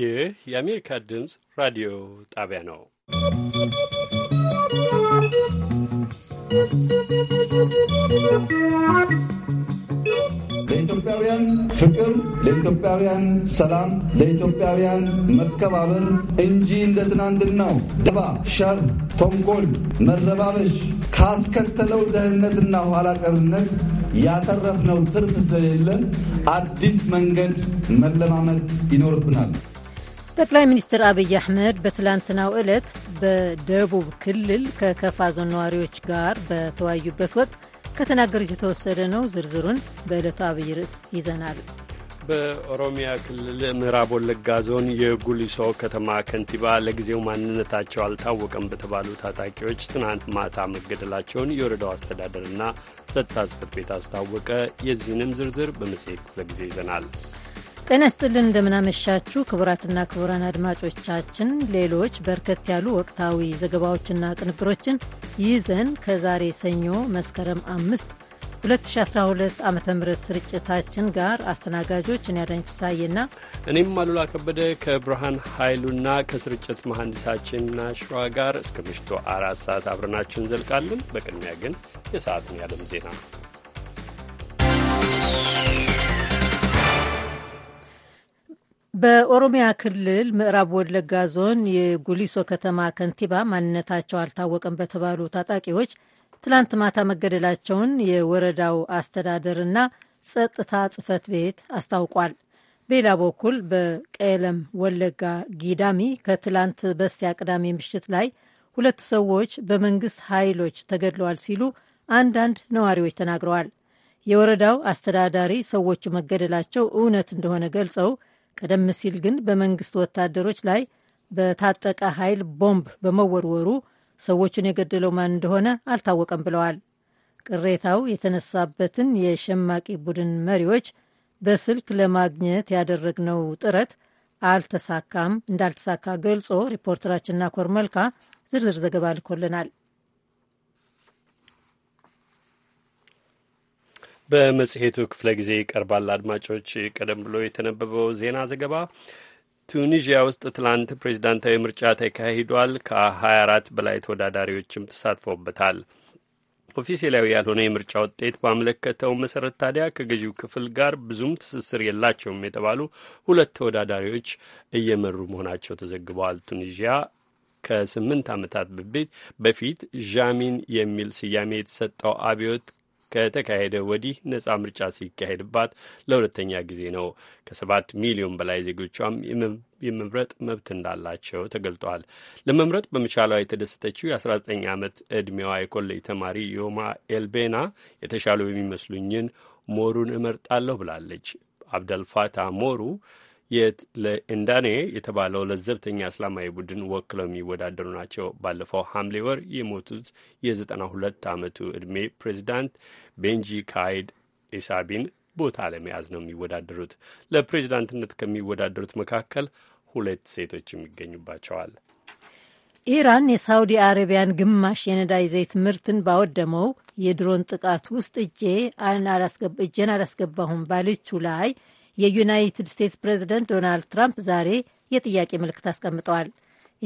ይህ የአሜሪካ ድምፅ ራዲዮ ጣቢያ ነው። ለኢትዮጵያውያን ፍቅር፣ ለኢትዮጵያውያን ሰላም፣ ለኢትዮጵያውያን መከባበር እንጂ እንደ ትናንትናው ደባ፣ ሸር፣ ተንኮል፣ መረባበሽ ካስከተለው ደህንነትና ኋላ ቀርነት ያተረፍነው ትርፍ ስለሌለን አዲስ መንገድ መለማመድ ይኖርብናል። ጠቅላይ ሚኒስትር አብይ አህመድ በትላንትናው ዕለት በደቡብ ክልል ከከፋ ዞን ነዋሪዎች ጋር በተወያዩበት ወቅት ከተናገሩት የተወሰደ ነው። ዝርዝሩን በዕለቱ አብይ ርዕስ ይዘናል። በኦሮሚያ ክልል ምዕራብ ወለጋ ዞን የጉሊሶ ከተማ ከንቲባ ለጊዜው ማንነታቸው አልታወቀም በተባሉ ታጣቂዎች ትናንት ማታ መገደላቸውን የወረዳው አስተዳደርና ጸጥታ ጽሕፈት ቤት አስታወቀ። የዚህንም ዝርዝር በመጽሔት ክፍለ ጊዜ ይዘናል። ጤና ስጥልን እንደምናመሻችሁ ክቡራትና ክቡራን አድማጮቻችን ሌሎች በርከት ያሉ ወቅታዊ ዘገባዎችና ቅንብሮችን ይዘን ከዛሬ ሰኞ መስከረም አምስት 2012 ዓ ም ስርጭታችን ጋር አስተናጋጆች እኔ አዳኝ ፍሳዬና እኔም አሉላ ከበደ ከብርሃን ኃይሉና ከስርጭት መሐንዲሳችን ናሸዋ ጋር እስከ ምሽቱ አራት ሰዓት አብረናችሁ እንዘልቃለን። በቅድሚያ ግን የሰዓቱን ያለም ዜና በኦሮሚያ ክልል ምዕራብ ወለጋ ዞን የጉሊሶ ከተማ ከንቲባ ማንነታቸው አልታወቀም በተባሉ ታጣቂዎች ትላንት ማታ መገደላቸውን የወረዳው አስተዳደርና ጸጥታ ጽህፈት ቤት አስታውቋል። በሌላ በኩል በቀለም ወለጋ ጊዳሚ ከትላንት በስቲያ ቅዳሜ ምሽት ላይ ሁለት ሰዎች በመንግስት ኃይሎች ተገድለዋል ሲሉ አንዳንድ ነዋሪዎች ተናግረዋል። የወረዳው አስተዳዳሪ ሰዎቹ መገደላቸው እውነት እንደሆነ ገልጸው ቀደም ሲል ግን በመንግስት ወታደሮች ላይ በታጠቀ ኃይል ቦምብ በመወርወሩ ሰዎቹን የገደለው ማን እንደሆነ አልታወቀም ብለዋል። ቅሬታው የተነሳበትን የሸማቂ ቡድን መሪዎች በስልክ ለማግኘት ያደረግነው ጥረት አልተሳካም እንዳልተሳካ ገልጾ ሪፖርተራችንና ኮርመልካ ዝርዝር ዘገባ ልኮልናል። በመጽሔቱ ክፍለ ጊዜ ይቀርባል። አድማጮች፣ ቀደም ብሎ የተነበበው ዜና ዘገባ ቱኒዥያ ውስጥ ትላንት ፕሬዚዳንታዊ ምርጫ ተካሂዷል። ከ24 በላይ ተወዳዳሪዎችም ተሳትፎበታል። ኦፊሴላዊ ያልሆነ የምርጫ ውጤት ባመለከተው መሰረት ታዲያ ከገዢው ክፍል ጋር ብዙም ትስስር የላቸውም የተባሉ ሁለት ተወዳዳሪዎች እየመሩ መሆናቸው ተዘግበዋል። ቱኒዥያ ከስምንት ዓመታት በፊት በፊት ዣሚን የሚል ስያሜ የተሰጠው አብዮት ከተካሄደ ወዲህ ነጻ ምርጫ ሲካሄድባት ለሁለተኛ ጊዜ ነው። ከሰባት ሚሊዮን በላይ ዜጎቿም የመምረጥ መብት እንዳላቸው ተገልጧል። ለመምረጥ በመቻሏ የተደሰተችው የ19 ዓመት ዕድሜዋ የኮሌጅ ተማሪ ዮማ ኤልቤና የተሻሉ የሚመስሉኝን ሞሩን እመርጣለሁ ብላለች። አብደልፋታ ሞሩ ለኢንዳኔ የተባለው ለዘብተኛ እስላማዊ ቡድን ወክለው የሚወዳደሩ ናቸው። ባለፈው ሐምሌ ወር የሞቱት የዘጠና ሁለት ዓመቱ ዕድሜ ፕሬዚዳንት ቤንጂ ካይድ ኢሳቢን ቦታ ለመያዝ ነው የሚወዳደሩት። ለፕሬዚዳንትነት ከሚወዳደሩት መካከል ሁለት ሴቶችም ይገኙባቸዋል። ኢራን የሳውዲ አረቢያን ግማሽ የነዳጅ ዘይት ምርትን ባወደመው የድሮን ጥቃት ውስጥ እጄን አላስገባሁም ባለችው ላይ የዩናይትድ ስቴትስ ፕሬዚደንት ዶናልድ ትራምፕ ዛሬ የጥያቄ ምልክት አስቀምጠዋል።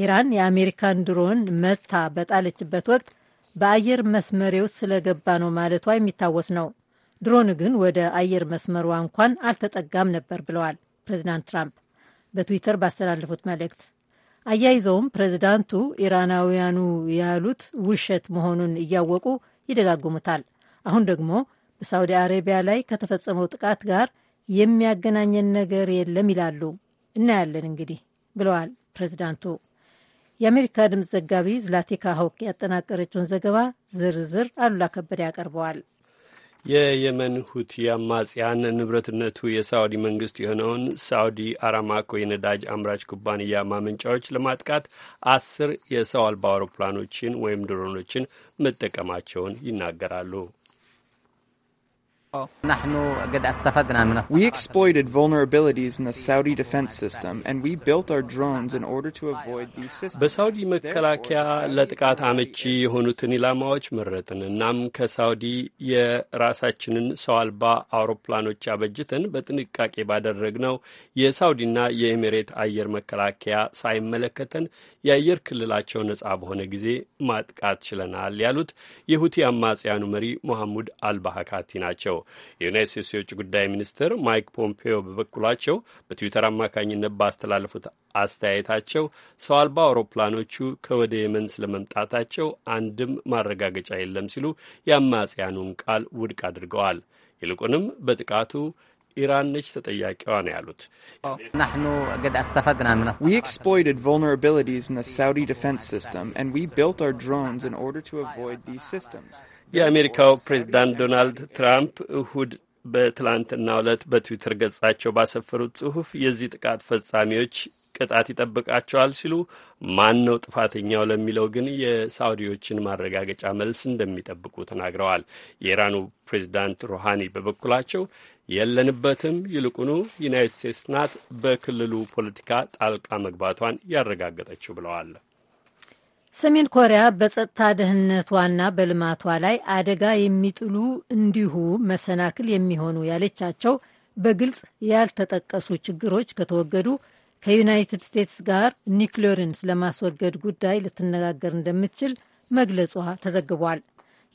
ኢራን የአሜሪካን ድሮን መታ በጣለችበት ወቅት በአየር መስመሬ ውስጥ ስለገባ ነው ማለቷ የሚታወስ ነው። ድሮን ግን ወደ አየር መስመሯ እንኳን አልተጠጋም ነበር ብለዋል ፕሬዚዳንት ትራምፕ በትዊተር ባስተላለፉት መልእክት። አያይዘውም ፕሬዚዳንቱ ኢራናውያኑ ያሉት ውሸት መሆኑን እያወቁ ይደጋግሙታል። አሁን ደግሞ በሳውዲ አረቢያ ላይ ከተፈጸመው ጥቃት ጋር የሚያገናኘን ነገር የለም ይላሉ። እናያለን እንግዲህ ብለዋል ፕሬዚዳንቱ። የአሜሪካ ድምፅ ዘጋቢ ዝላቲካ ሆክ ያጠናቀረችውን ዘገባ ዝርዝር አሉላ ከበደ ያቀርበዋል። የየመን ሁቲ አማጽያን ንብረትነቱ የሳውዲ መንግስት የሆነውን ሳውዲ አራማኮ የነዳጅ አምራች ኩባንያ ማመንጫዎች ለማጥቃት አስር የሰው አልባ አውሮፕላኖችን ወይም ድሮኖችን መጠቀማቸውን ይናገራሉ። We exploited vulnerabilities in the Saudi defense system and we built our drones in order to avoid these systems. በሳውዲ መከላከያ ለጥቃት አመቺ የሆኑትን ኢላማዎች መረጥን። እናም ከሳውዲ የራሳችንን ሰው አልባ አውሮፕላኖች አበጅተን በጥንቃቄ ባደረግነው የሳውዲና የኤሚሬት አየር መከላከያ ሳይመለከተን የአየር ክልላቸው ነጻ በሆነ ጊዜ ማጥቃት ችለናል ያሉት የሁቲ አማጽያኑ መሪ ሞሐሙድ አልባሃካቲ ናቸው። የዩናይት ስቴትስ የውጭ ጉዳይ ሚኒስትር ማይክ ፖምፔዮ በበኩላቸው በትዊተር አማካኝነት ባስተላለፉት አስተያየታቸው ሰው አልባ አውሮፕላኖቹ ከወደ የመን ስለመምጣታቸው አንድም ማረጋገጫ የለም ሲሉ የአማጽያኑን ቃል ውድቅ አድርገዋል። ይልቁንም በጥቃቱ ኢራን ነች ተጠያቂዋ ነው ያሉት። የአሜሪካው ፕሬዚዳንት ዶናልድ ትራምፕ እሁድ በትላንትና ዕለት በትዊተር ገጻቸው ባሰፈሩት ጽሑፍ የዚህ ጥቃት ፈጻሚዎች ቅጣት ይጠብቃቸዋል ሲሉ ማን ነው ጥፋተኛው ለሚለው ግን የሳውዲዎችን ማረጋገጫ መልስ እንደሚጠብቁ ተናግረዋል። የኢራኑ ፕሬዚዳንት ሩሃኒ በበኩላቸው የለንበትም፣ ይልቁኑ ዩናይት ስቴትስ ናት በክልሉ ፖለቲካ ጣልቃ መግባቷን ያረጋገጠችው ብለዋል። ሰሜን ኮሪያ በጸጥታ ደህንነቷና በልማቷ ላይ አደጋ የሚጥሉ እንዲሁ መሰናክል የሚሆኑ ያለቻቸው በግልጽ ያልተጠቀሱ ችግሮች ከተወገዱ ከዩናይትድ ስቴትስ ጋር ኒክሌርን ስለማስወገድ ጉዳይ ልትነጋገር እንደምትችል መግለጿ ተዘግቧል።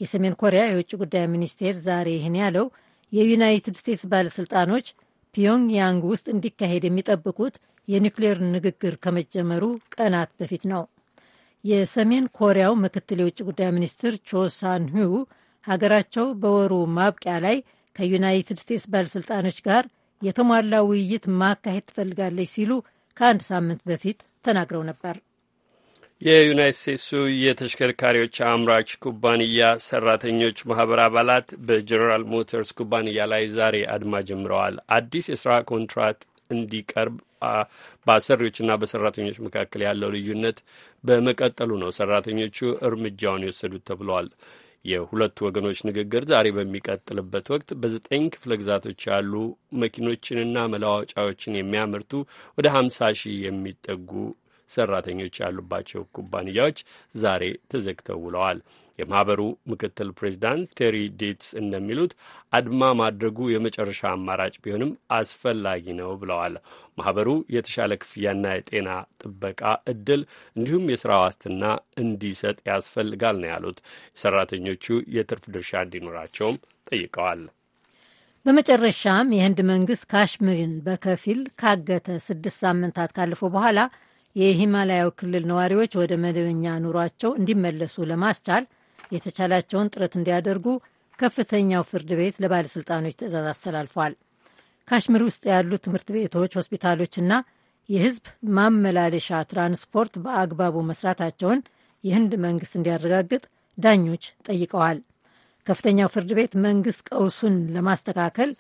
የሰሜን ኮሪያ የውጭ ጉዳይ ሚኒስቴር ዛሬ ይህን ያለው የዩናይትድ ስቴትስ ባለሥልጣኖች ፒዮንግያንግ ውስጥ እንዲካሄድ የሚጠብቁት የኒውክሌር ንግግር ከመጀመሩ ቀናት በፊት ነው። የሰሜን ኮሪያው ምክትል የውጭ ጉዳይ ሚኒስትር ሁ ሀገራቸው በወሩ ማብቂያ ላይ ከዩናይትድ ስቴትስ ባለሥልጣኖች ጋር የተሟላ ውይይት ማካሄድ ትፈልጋለች ሲሉ ከአንድ ሳምንት በፊት ተናግረው ነበር። የዩናይት ስቴትሱ የተሽከርካሪዎች አምራች ኩባንያ ሰራተኞች ማህበር አባላት በጀኔራል ሞተርስ ኩባንያ ላይ ዛሬ አድማ ጀምረዋል። አዲስ የስራ ኮንትራት እንዲቀርብ በአሰሪዎችና በሰራተኞች መካከል ያለው ልዩነት በመቀጠሉ ነው ሰራተኞቹ እርምጃውን የወሰዱት ተብለዋል። የሁለቱ ወገኖች ንግግር ዛሬ በሚቀጥልበት ወቅት በዘጠኝ ክፍለ ግዛቶች ያሉ መኪኖችንና መለዋወጫዎችን የሚያመርቱ ወደ ሀምሳ ሺህ የሚጠጉ ሰራተኞች ያሉባቸው ኩባንያዎች ዛሬ ተዘግተው ውለዋል። የማህበሩ ምክትል ፕሬዚዳንት ቴሪ ዴትስ እንደሚሉት አድማ ማድረጉ የመጨረሻ አማራጭ ቢሆንም አስፈላጊ ነው ብለዋል። ማህበሩ የተሻለ ክፍያና የጤና ጥበቃ እድል እንዲሁም የስራ ዋስትና እንዲሰጥ ያስፈልጋል ነው ያሉት። ሰራተኞቹ የትርፍ ድርሻ እንዲኖራቸውም ጠይቀዋል። በመጨረሻም የህንድ መንግስት ካሽሚርን በከፊል ካገተ ስድስት ሳምንታት ካለፈው በኋላ የሂማላያው ክልል ነዋሪዎች ወደ መደበኛ ኑሯቸው እንዲመለሱ ለማስቻል የተቻላቸውን ጥረት እንዲያደርጉ ከፍተኛው ፍርድ ቤት ለባለሥልጣኖች ትዕዛዝ አስተላልፏል። ካሽሚር ውስጥ ያሉ ትምህርት ቤቶች፣ ሆስፒታሎችና የህዝብ ማመላለሻ ትራንስፖርት በአግባቡ መስራታቸውን የህንድ መንግስት እንዲያረጋግጥ ዳኞች ጠይቀዋል። ከፍተኛው ፍርድ ቤት መንግስት ቀውሱን ለማስተካከል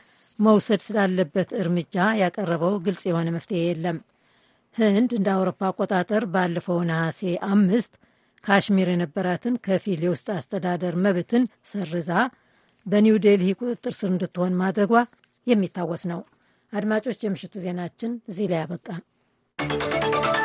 መውሰድ ስላለበት እርምጃ ያቀረበው ግልጽ የሆነ መፍትሄ የለም። ህንድ እንደ አውሮፓ አቆጣጠር ባለፈው ነሐሴ አምስት ካሽሚር የነበራትን ከፊል የውስጥ አስተዳደር መብትን ሰርዛ በኒው ዴልሂ ቁጥጥር ስር እንድትሆን ማድረጓ የሚታወስ ነው። አድማጮች፣ የምሽቱ ዜናችን እዚህ ላይ you.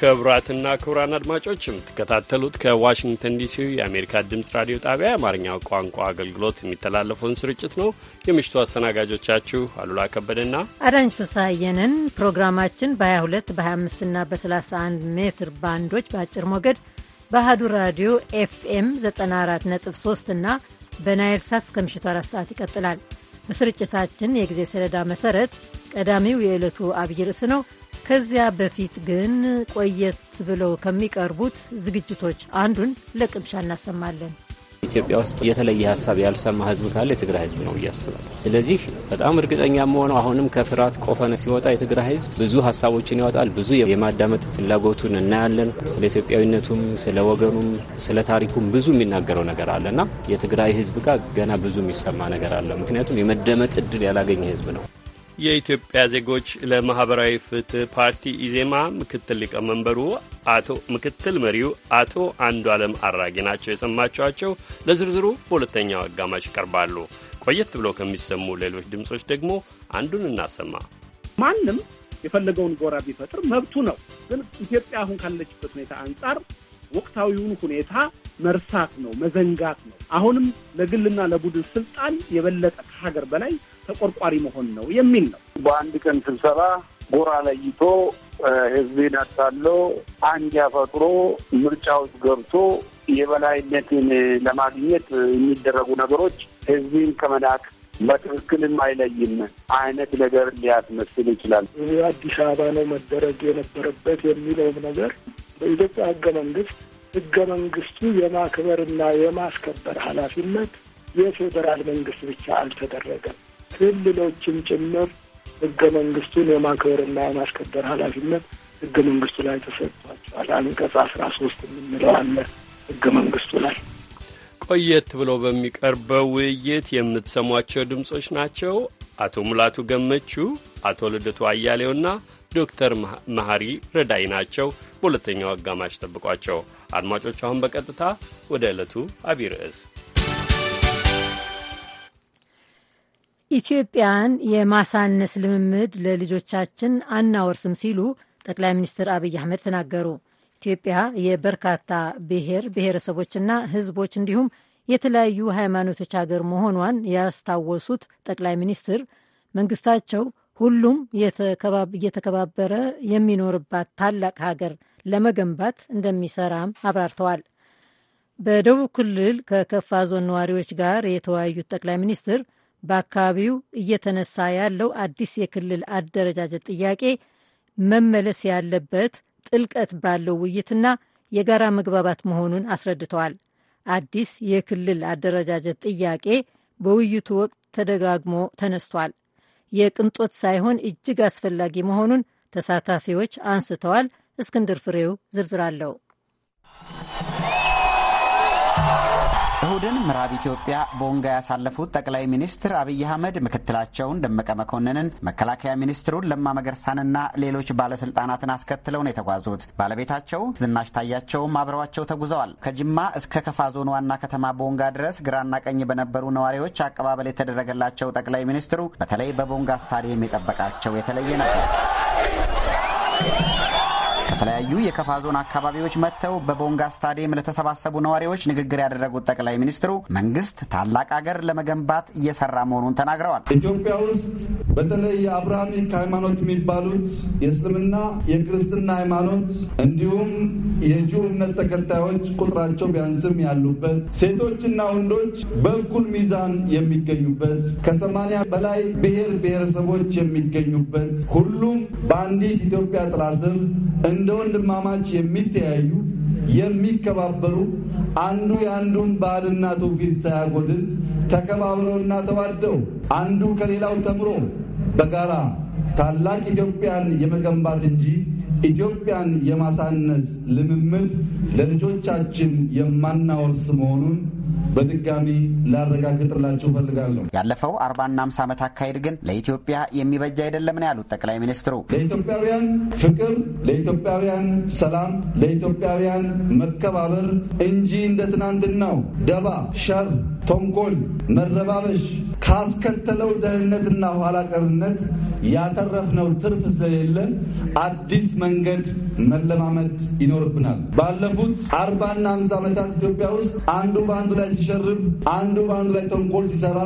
ክቡራትና ክቡራን አድማጮች የምትከታተሉት ከዋሽንግተን ዲሲ የአሜሪካ ድምፅ ራዲዮ ጣቢያ የአማርኛ ቋንቋ አገልግሎት የሚተላለፈውን ስርጭት ነው። የምሽቱ አስተናጋጆቻችሁ አሉላ ከበደና አዳንች ፍስሐየንን። ፕሮግራማችን በ22 በ25ና በ31 ሜትር ባንዶች በአጭር ሞገድ በአህዱ ራዲዮ ኤፍኤም 94.3 እና በናይል ሳት እስከ ምሽቱ 4 ሰዓት ይቀጥላል። በስርጭታችን የጊዜ ሰሌዳ መሰረት ቀዳሚው የዕለቱ አብይ ርዕስ ነው። ከዚያ በፊት ግን ቆየት ብለው ከሚቀርቡት ዝግጅቶች አንዱን ለቅምሻ እናሰማለን። ኢትዮጵያ ውስጥ የተለየ ሀሳብ ያልሰማ ህዝብ ካለ የትግራይ ህዝብ ነው እያስባል። ስለዚህ በጣም እርግጠኛ መሆነው አሁንም ከፍርሃት ቆፈነ ሲወጣ የትግራይ ህዝብ ብዙ ሀሳቦችን ያወጣል። ብዙ የማዳመጥ ፍላጎቱን እናያለን። ስለ ኢትዮጵያዊነቱም፣ ስለ ወገኑም፣ ስለ ታሪኩም ብዙ የሚናገረው ነገር አለ የትግራይ ህዝብ ጋር ገና ብዙ የሚሰማ ነገር አለ። ምክንያቱም የመደመጥ እድል ያላገኘ ህዝብ ነው። የኢትዮጵያ ዜጎች ለማህበራዊ ፍትህ ፓርቲ ኢዜማ ምክትል ሊቀመንበሩ አቶ ምክትል መሪው አቶ አንዱ አለም አራጌ ናቸው የሰማችኋቸው። ለዝርዝሩ በሁለተኛው አጋማሽ ይቀርባሉ። ቆየት ብሎ ከሚሰሙ ሌሎች ድምጾች ደግሞ አንዱን እናሰማ። ማንም የፈለገውን ጎራ ቢፈጥር መብቱ ነው። ግን ኢትዮጵያ አሁን ካለችበት ሁኔታ አንጻር ወቅታዊውን ሁኔታ መርሳት ነው፣ መዘንጋት ነው። አሁንም ለግልና ለቡድን ስልጣን የበለጠ ከሀገር በላይ ተቆርቋሪ መሆን ነው የሚል ነው። በአንድ ቀን ስብሰባ ጎራ ለይቶ ህዝብን አታሎ አንጃ ፈጥሮ ምርጫ ውስጥ ገብቶ የበላይነትን ለማግኘት የሚደረጉ ነገሮች ህዝብን ከመናቅ በትክክልም አይለይም አይነት ነገር ሊያስመስል ይችላል። አዲስ አበባ ነው መደረግ የነበረበት የሚለውም ነገር በኢትዮጵያ ህገ መንግስት ህገ መንግስቱ የማክበርና የማስከበር ኃላፊነት የፌዴራል መንግስት ብቻ አልተደረገም። ክልሎችም ጭምር ህገ መንግስቱን የማክበርና የማስከበር ኃላፊነት ህገ መንግስቱ ላይ ተሰጥቷቸዋል። አንቀጽ አስራ ሶስት የምንለው አለ ህገ መንግስቱ ላይ ቆየት ብሎ በሚቀርበው ውይይት የምትሰሟቸው ድምፆች ናቸው። አቶ ሙላቱ ገመቹ፣ አቶ ልደቱ አያሌውና ዶክተር መሐሪ ረዳይ ናቸው። በሁለተኛው አጋማሽ ጠብቋቸው አድማጮች። አሁን በቀጥታ ወደ ዕለቱ አቢይ ርዕስ ኢትዮጵያን የማሳነስ ልምምድ ለልጆቻችን አናወርስም ሲሉ ጠቅላይ ሚኒስትር አብይ አህመድ ተናገሩ። ኢትዮጵያ የበርካታ ብሔር ብሔረሰቦችና ሕዝቦች እንዲሁም የተለያዩ ሃይማኖቶች ሀገር መሆኗን ያስታወሱት ጠቅላይ ሚኒስትር መንግስታቸው ሁሉም እየተከባበረ የሚኖርባት ታላቅ ሀገር ለመገንባት እንደሚሰራም አብራርተዋል። በደቡብ ክልል ከከፋ ዞን ነዋሪዎች ጋር የተወያዩት ጠቅላይ ሚኒስትር በአካባቢው እየተነሳ ያለው አዲስ የክልል አደረጃጀት ጥያቄ መመለስ ያለበት ጥልቀት ባለው ውይይትና የጋራ መግባባት መሆኑን አስረድተዋል። አዲስ የክልል አደረጃጀት ጥያቄ በውይይቱ ወቅት ተደጋግሞ ተነስቷል። የቅንጦት ሳይሆን እጅግ አስፈላጊ መሆኑን ተሳታፊዎች አንስተዋል። እስክንድር ፍሬው ዝርዝር አለው። እሁድን ምዕራብ ኢትዮጵያ ቦንጋ ያሳለፉት ጠቅላይ ሚኒስትር አብይ አህመድ ምክትላቸውን ደመቀ መኮንንን፣ መከላከያ ሚኒስትሩን ለማ መገርሳንና ሌሎች ባለስልጣናትን አስከትለው ነው የተጓዙት። ባለቤታቸው ዝናሽ ታያቸውም አብረዋቸው ተጉዘዋል። ከጅማ እስከ ከፋ ዞን ዋና ከተማ ቦንጋ ድረስ ግራና ቀኝ በነበሩ ነዋሪዎች አቀባበል የተደረገላቸው ጠቅላይ ሚኒስትሩ በተለይ በቦንጋ ስታዲየም የጠበቃቸው የተለየ ነበር። ከተለያዩ የከፋ ዞን አካባቢዎች መጥተው በቦንጋ ስታዲየም ለተሰባሰቡ ነዋሪዎች ንግግር ያደረጉት ጠቅላይ ሚኒስትሩ መንግስት ታላቅ አገር ለመገንባት እየሰራ መሆኑን ተናግረዋል። ኢትዮጵያ ውስጥ በተለይ የአብርሃሚክ ሃይማኖት የሚባሉት የእስልምና፣ የክርስትና ሃይማኖት እንዲሁም የጁ እምነት ተከታዮች ቁጥራቸው ቢያንስም ያሉበት፣ ሴቶችና ወንዶች በእኩል ሚዛን የሚገኙበት፣ ከሰማንያ በላይ ብሔር ብሔረሰቦች የሚገኙበት ሁሉም በአንዲት ኢትዮጵያ ጥላ ስር እንደ እንደ ወንድማማች የሚተያዩ የሚከባበሩ አንዱ የአንዱን ባህልና ትውፊት ሳያጎድል ተከባብረውና ተዋደው አንዱ ከሌላው ተምሮ በጋራ ታላቅ ኢትዮጵያን የመገንባት እንጂ ኢትዮጵያን የማሳነስ ልምምድ ለልጆቻችን የማናወርስ መሆኑን በድጋሚ ላረጋግጥላችሁ ፈልጋለሁ። ያለፈው አርባና አምሳ ዓመት አካሄድ ግን ለኢትዮጵያ የሚበጃ አይደለም ነው ያሉት ጠቅላይ ሚኒስትሩ። ለኢትዮጵያውያን ፍቅር፣ ለኢትዮጵያውያን ሰላም፣ ለኢትዮጵያውያን መከባበር እንጂ እንደ ትናንትናው ደባ፣ ሸር፣ ተንኮል፣ መረባበሽ ካስከተለው ደህንነትና ኋላ ቀርነት ያተረፍነው ትርፍ ስለሌለ አዲስ መንገድ መለማመድ ይኖርብናል። ባለፉት አርባና አምሳ ዓመታት ኢትዮጵያ ውስጥ አንዱ በአንዱ ላይ ሲሸርብ፣ አንዱ በአንዱ ላይ ተንኮል ሲሰራ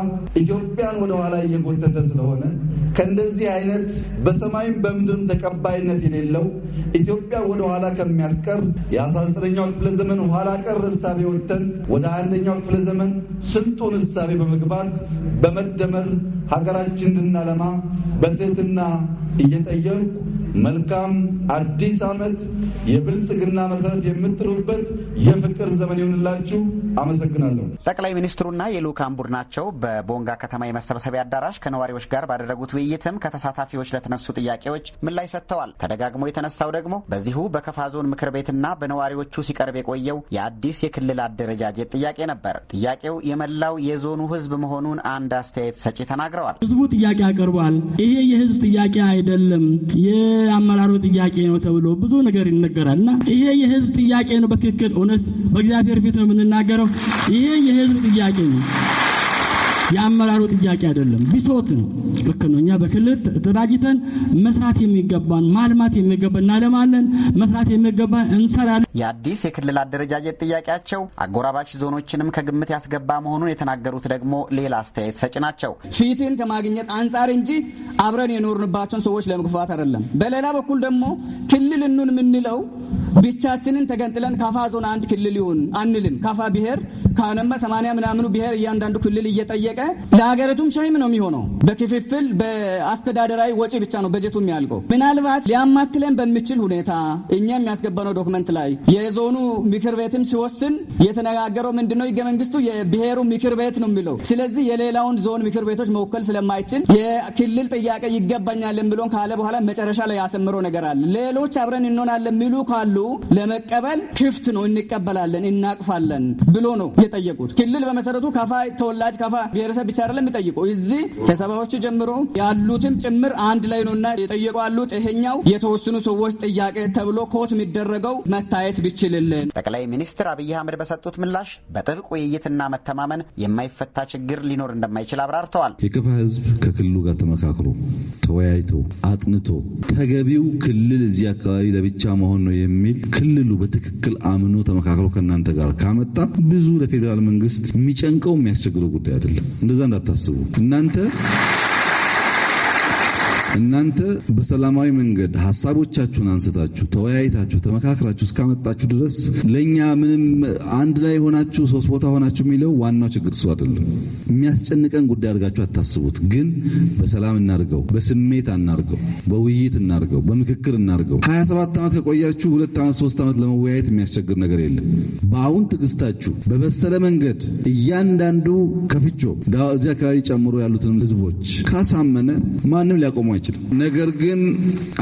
ኢትዮጵያን ወደኋላ እየጎተተ ስለሆነ ከእንደዚህ አይነት በሰማይም በምድርም ተቀባይነት የሌለው ኢትዮጵያ ኋላ ከሚያስቀር የ 19 ክፍለ ዘመን ኋላ ቀር እሳቤ ወጥተን ወደ አንደኛው ክፍለ ዘመን ስልጡን እሳቤ በመግባት በመደመር ሀገራችን እንድናለማ በትህትና እየጠየቁ መልካም አዲስ ዓመት የብልጽግና መሰረት የምትሉበት የፍቅር ዘመን ይሆንላችሁ። አመሰግናለሁ። አመሰግናለሁ። ጠቅላይ ሚኒስትሩና የልዑካን ቡድናቸው በቦንጋ ከተማ የመሰብሰቢያ አዳራሽ ከነዋሪዎች ጋር ባደረጉት ውይይትም ከተሳታፊዎች ለተነሱ ጥያቄዎች ምላሽ ሰጥተዋል። ተደጋግሞ የተነሳው ደግሞ በዚሁ በከፋ ዞን ምክር ቤትና በነዋሪዎቹ ሲቀርብ የቆየው የአዲስ የክልል አደረጃጀት ጥያቄ ነበር። ጥያቄው የመላው የዞኑ ህዝብ መሆኑን አንድ አስተያየት ሰጪ ተናግረዋል። ህዝቡ ጥያቄ አቅርቧል። ይሄ የህዝብ ጥያቄ አይደለም የአመራሩ ጥያቄ ነው ተብሎ ብዙ ነገር ይነገራል እና ይሄ የህዝብ ጥያቄ ነው በትክክል እውነት በእግዚአብሔር ፊት ነው የምንናገረው። ይሄ የህዝብ ጥያቄ ነው። የአመራሩ ጥያቄ አይደለም፣ ቢሶት ነው። ልክ ነው። እኛ በክልል ተደራጅተን መስራት የሚገባን ማልማት የሚገባ እናለማለን፣ መስራት የሚገባን እንሰራለን። የአዲስ የክልል አደረጃጀት ጥያቄያቸው አጎራባች ዞኖችንም ከግምት ያስገባ መሆኑን የተናገሩት ደግሞ ሌላ አስተያየት ሰጭ ናቸው። ፊትን ከማግኘት አንጻር እንጂ አብረን የኖርንባቸውን ሰዎች ለመግፋት አይደለም። በሌላ በኩል ደግሞ ክልል እኑን የምንለው ብቻችንን ተገንጥለን ካፋ ዞን አንድ ክልል ይሁን አንልም። ካፋ ብሔር ከሆነማ ሰማንያ ምናምኑ ብሔር እያንዳንዱ ክልል እየጠየቀ ለሀገሪቱም ሸይም ነው የሚሆነው። በክፍፍል በአስተዳደራዊ ወጪ ብቻ ነው በጀቱ የሚያልቀው። ምናልባት ሊያማክለን በሚችል ሁኔታ እኛ የሚያስገባነው ዶክመንት ላይ የዞኑ ምክር ቤትም ሲወስን የተነጋገረው ምንድነው ህገ መንግስቱ የብሔሩ ምክር ቤት ነው የሚለው። ስለዚህ የሌላውን ዞን ምክር ቤቶች መወከል ስለማይችል የክልል ጥያቄ ይገባኛል ብሎን ካለ በኋላ መጨረሻ ላይ ያሰምረው ነገር አለ። ሌሎች አብረን እንሆናለን የሚሉ ካሉ ለመቀበል ክፍት ነው፣ እንቀበላለን፣ እናቅፋለን ብሎ ነው የጠየቁት። ክልል በመሰረቱ ከፋ ተወላጅ ከፋ ብሔረሰብ ብቻ አይደለም የሚጠይቀው እዚህ ከሰባዎቹ ጀምሮ ያሉትም ጭምር አንድ ላይ ነውና የጠየቁ ያሉት ይሄኛው የተወሰኑ ሰዎች ጥያቄ ተብሎ ኮት የሚደረገው መታየት ቢችልልን። ጠቅላይ ሚኒስትር አብይ አህመድ በሰጡት ምላሽ በጥብቅ ውይይትና መተማመን የማይፈታ ችግር ሊኖር እንደማይችል አብራርተዋል። የከፋ ህዝብ ከክልሉ ጋር ተመካክሮ ተወያይቶ አጥንቶ ተገቢው ክልል እዚህ አካባቢ ለብቻ መሆን ነው የሚል ክልሉ በትክክል አምኖ ተመካክሮ ከእናንተ ጋር ካመጣ ብዙ ለፌዴራል መንግስት የሚጨንቀው የሚያስቸግረው ጉዳይ አይደለም። እንደዛ እንዳታስቡ እናንተ እናንተ በሰላማዊ መንገድ ሀሳቦቻችሁን አንስታችሁ ተወያይታችሁ ተመካክራችሁ እስካመጣችሁ ድረስ ለእኛ ምንም አንድ ላይ ሆናችሁ ሶስት ቦታ ሆናችሁ የሚለው ዋናው ችግር እሱ አይደለም። የሚያስጨንቀን ጉዳይ አድርጋችሁ አታስቡት። ግን በሰላም እናርገው በስሜት እናርገው በውይይት እናርገው፣ በምክክር እናርገው። ሀያ ሰባት ዓመት ከቆያችሁ ሁለት ዓመት ሶስት ዓመት ለመወያየት የሚያስቸግር ነገር የለም። በአሁን ትዕግስታችሁ በበሰለ መንገድ እያንዳንዱ ከፍቾ እዚህ አካባቢ ጨምሮ ያሉትንም ህዝቦች ካሳመነ ማንም ሊያቆሟቸው አይችልም። ነገር ግን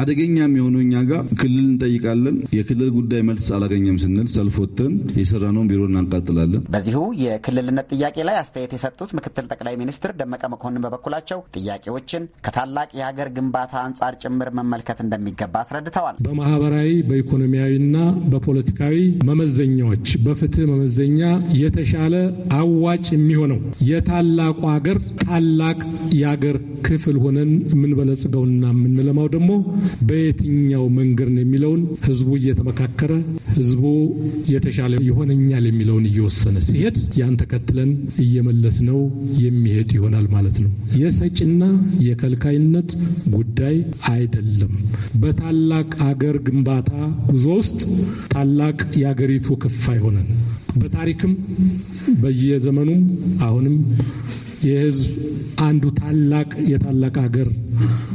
አደገኛ የሚሆኑ እኛ ጋር ክልል እንጠይቃለን። የክልል ጉዳይ መልስ አላገኘም ስንል ሰልፍ ወጥተን የሰራነውን ቢሮ እናንቃጥላለን። በዚሁ የክልልነት ጥያቄ ላይ አስተያየት የሰጡት ምክትል ጠቅላይ ሚኒስትር ደመቀ መኮንን በበኩላቸው ጥያቄዎችን ከታላቅ የሀገር ግንባታ አንጻር ጭምር መመልከት እንደሚገባ አስረድተዋል። በማህበራዊ በኢኮኖሚያዊና በፖለቲካዊ መመዘኛዎች በፍትህ መመዘኛ የተሻለ አዋጭ የሚሆነው የታላቁ ሀገር ታላቅ የአገር ክፍል ሆነን የምንበለጽ የምናደርገውና የምንለማው ደግሞ በየትኛው መንገድ ነው የሚለውን ህዝቡ እየተመካከረ ህዝቡ የተሻለ ይሆነኛል የሚለውን እየወሰነ ሲሄድ ያን ተከትለን እየመለስ ነው የሚሄድ ይሆናል ማለት ነው። የሰጪና የከልካይነት ጉዳይ አይደለም። በታላቅ አገር ግንባታ ጉዞ ውስጥ ታላቅ የአገሪቱ ክፋይ ሆነን በታሪክም በየዘመኑም አሁንም የህዝብ አንዱ ታላቅ የታላቅ ሀገር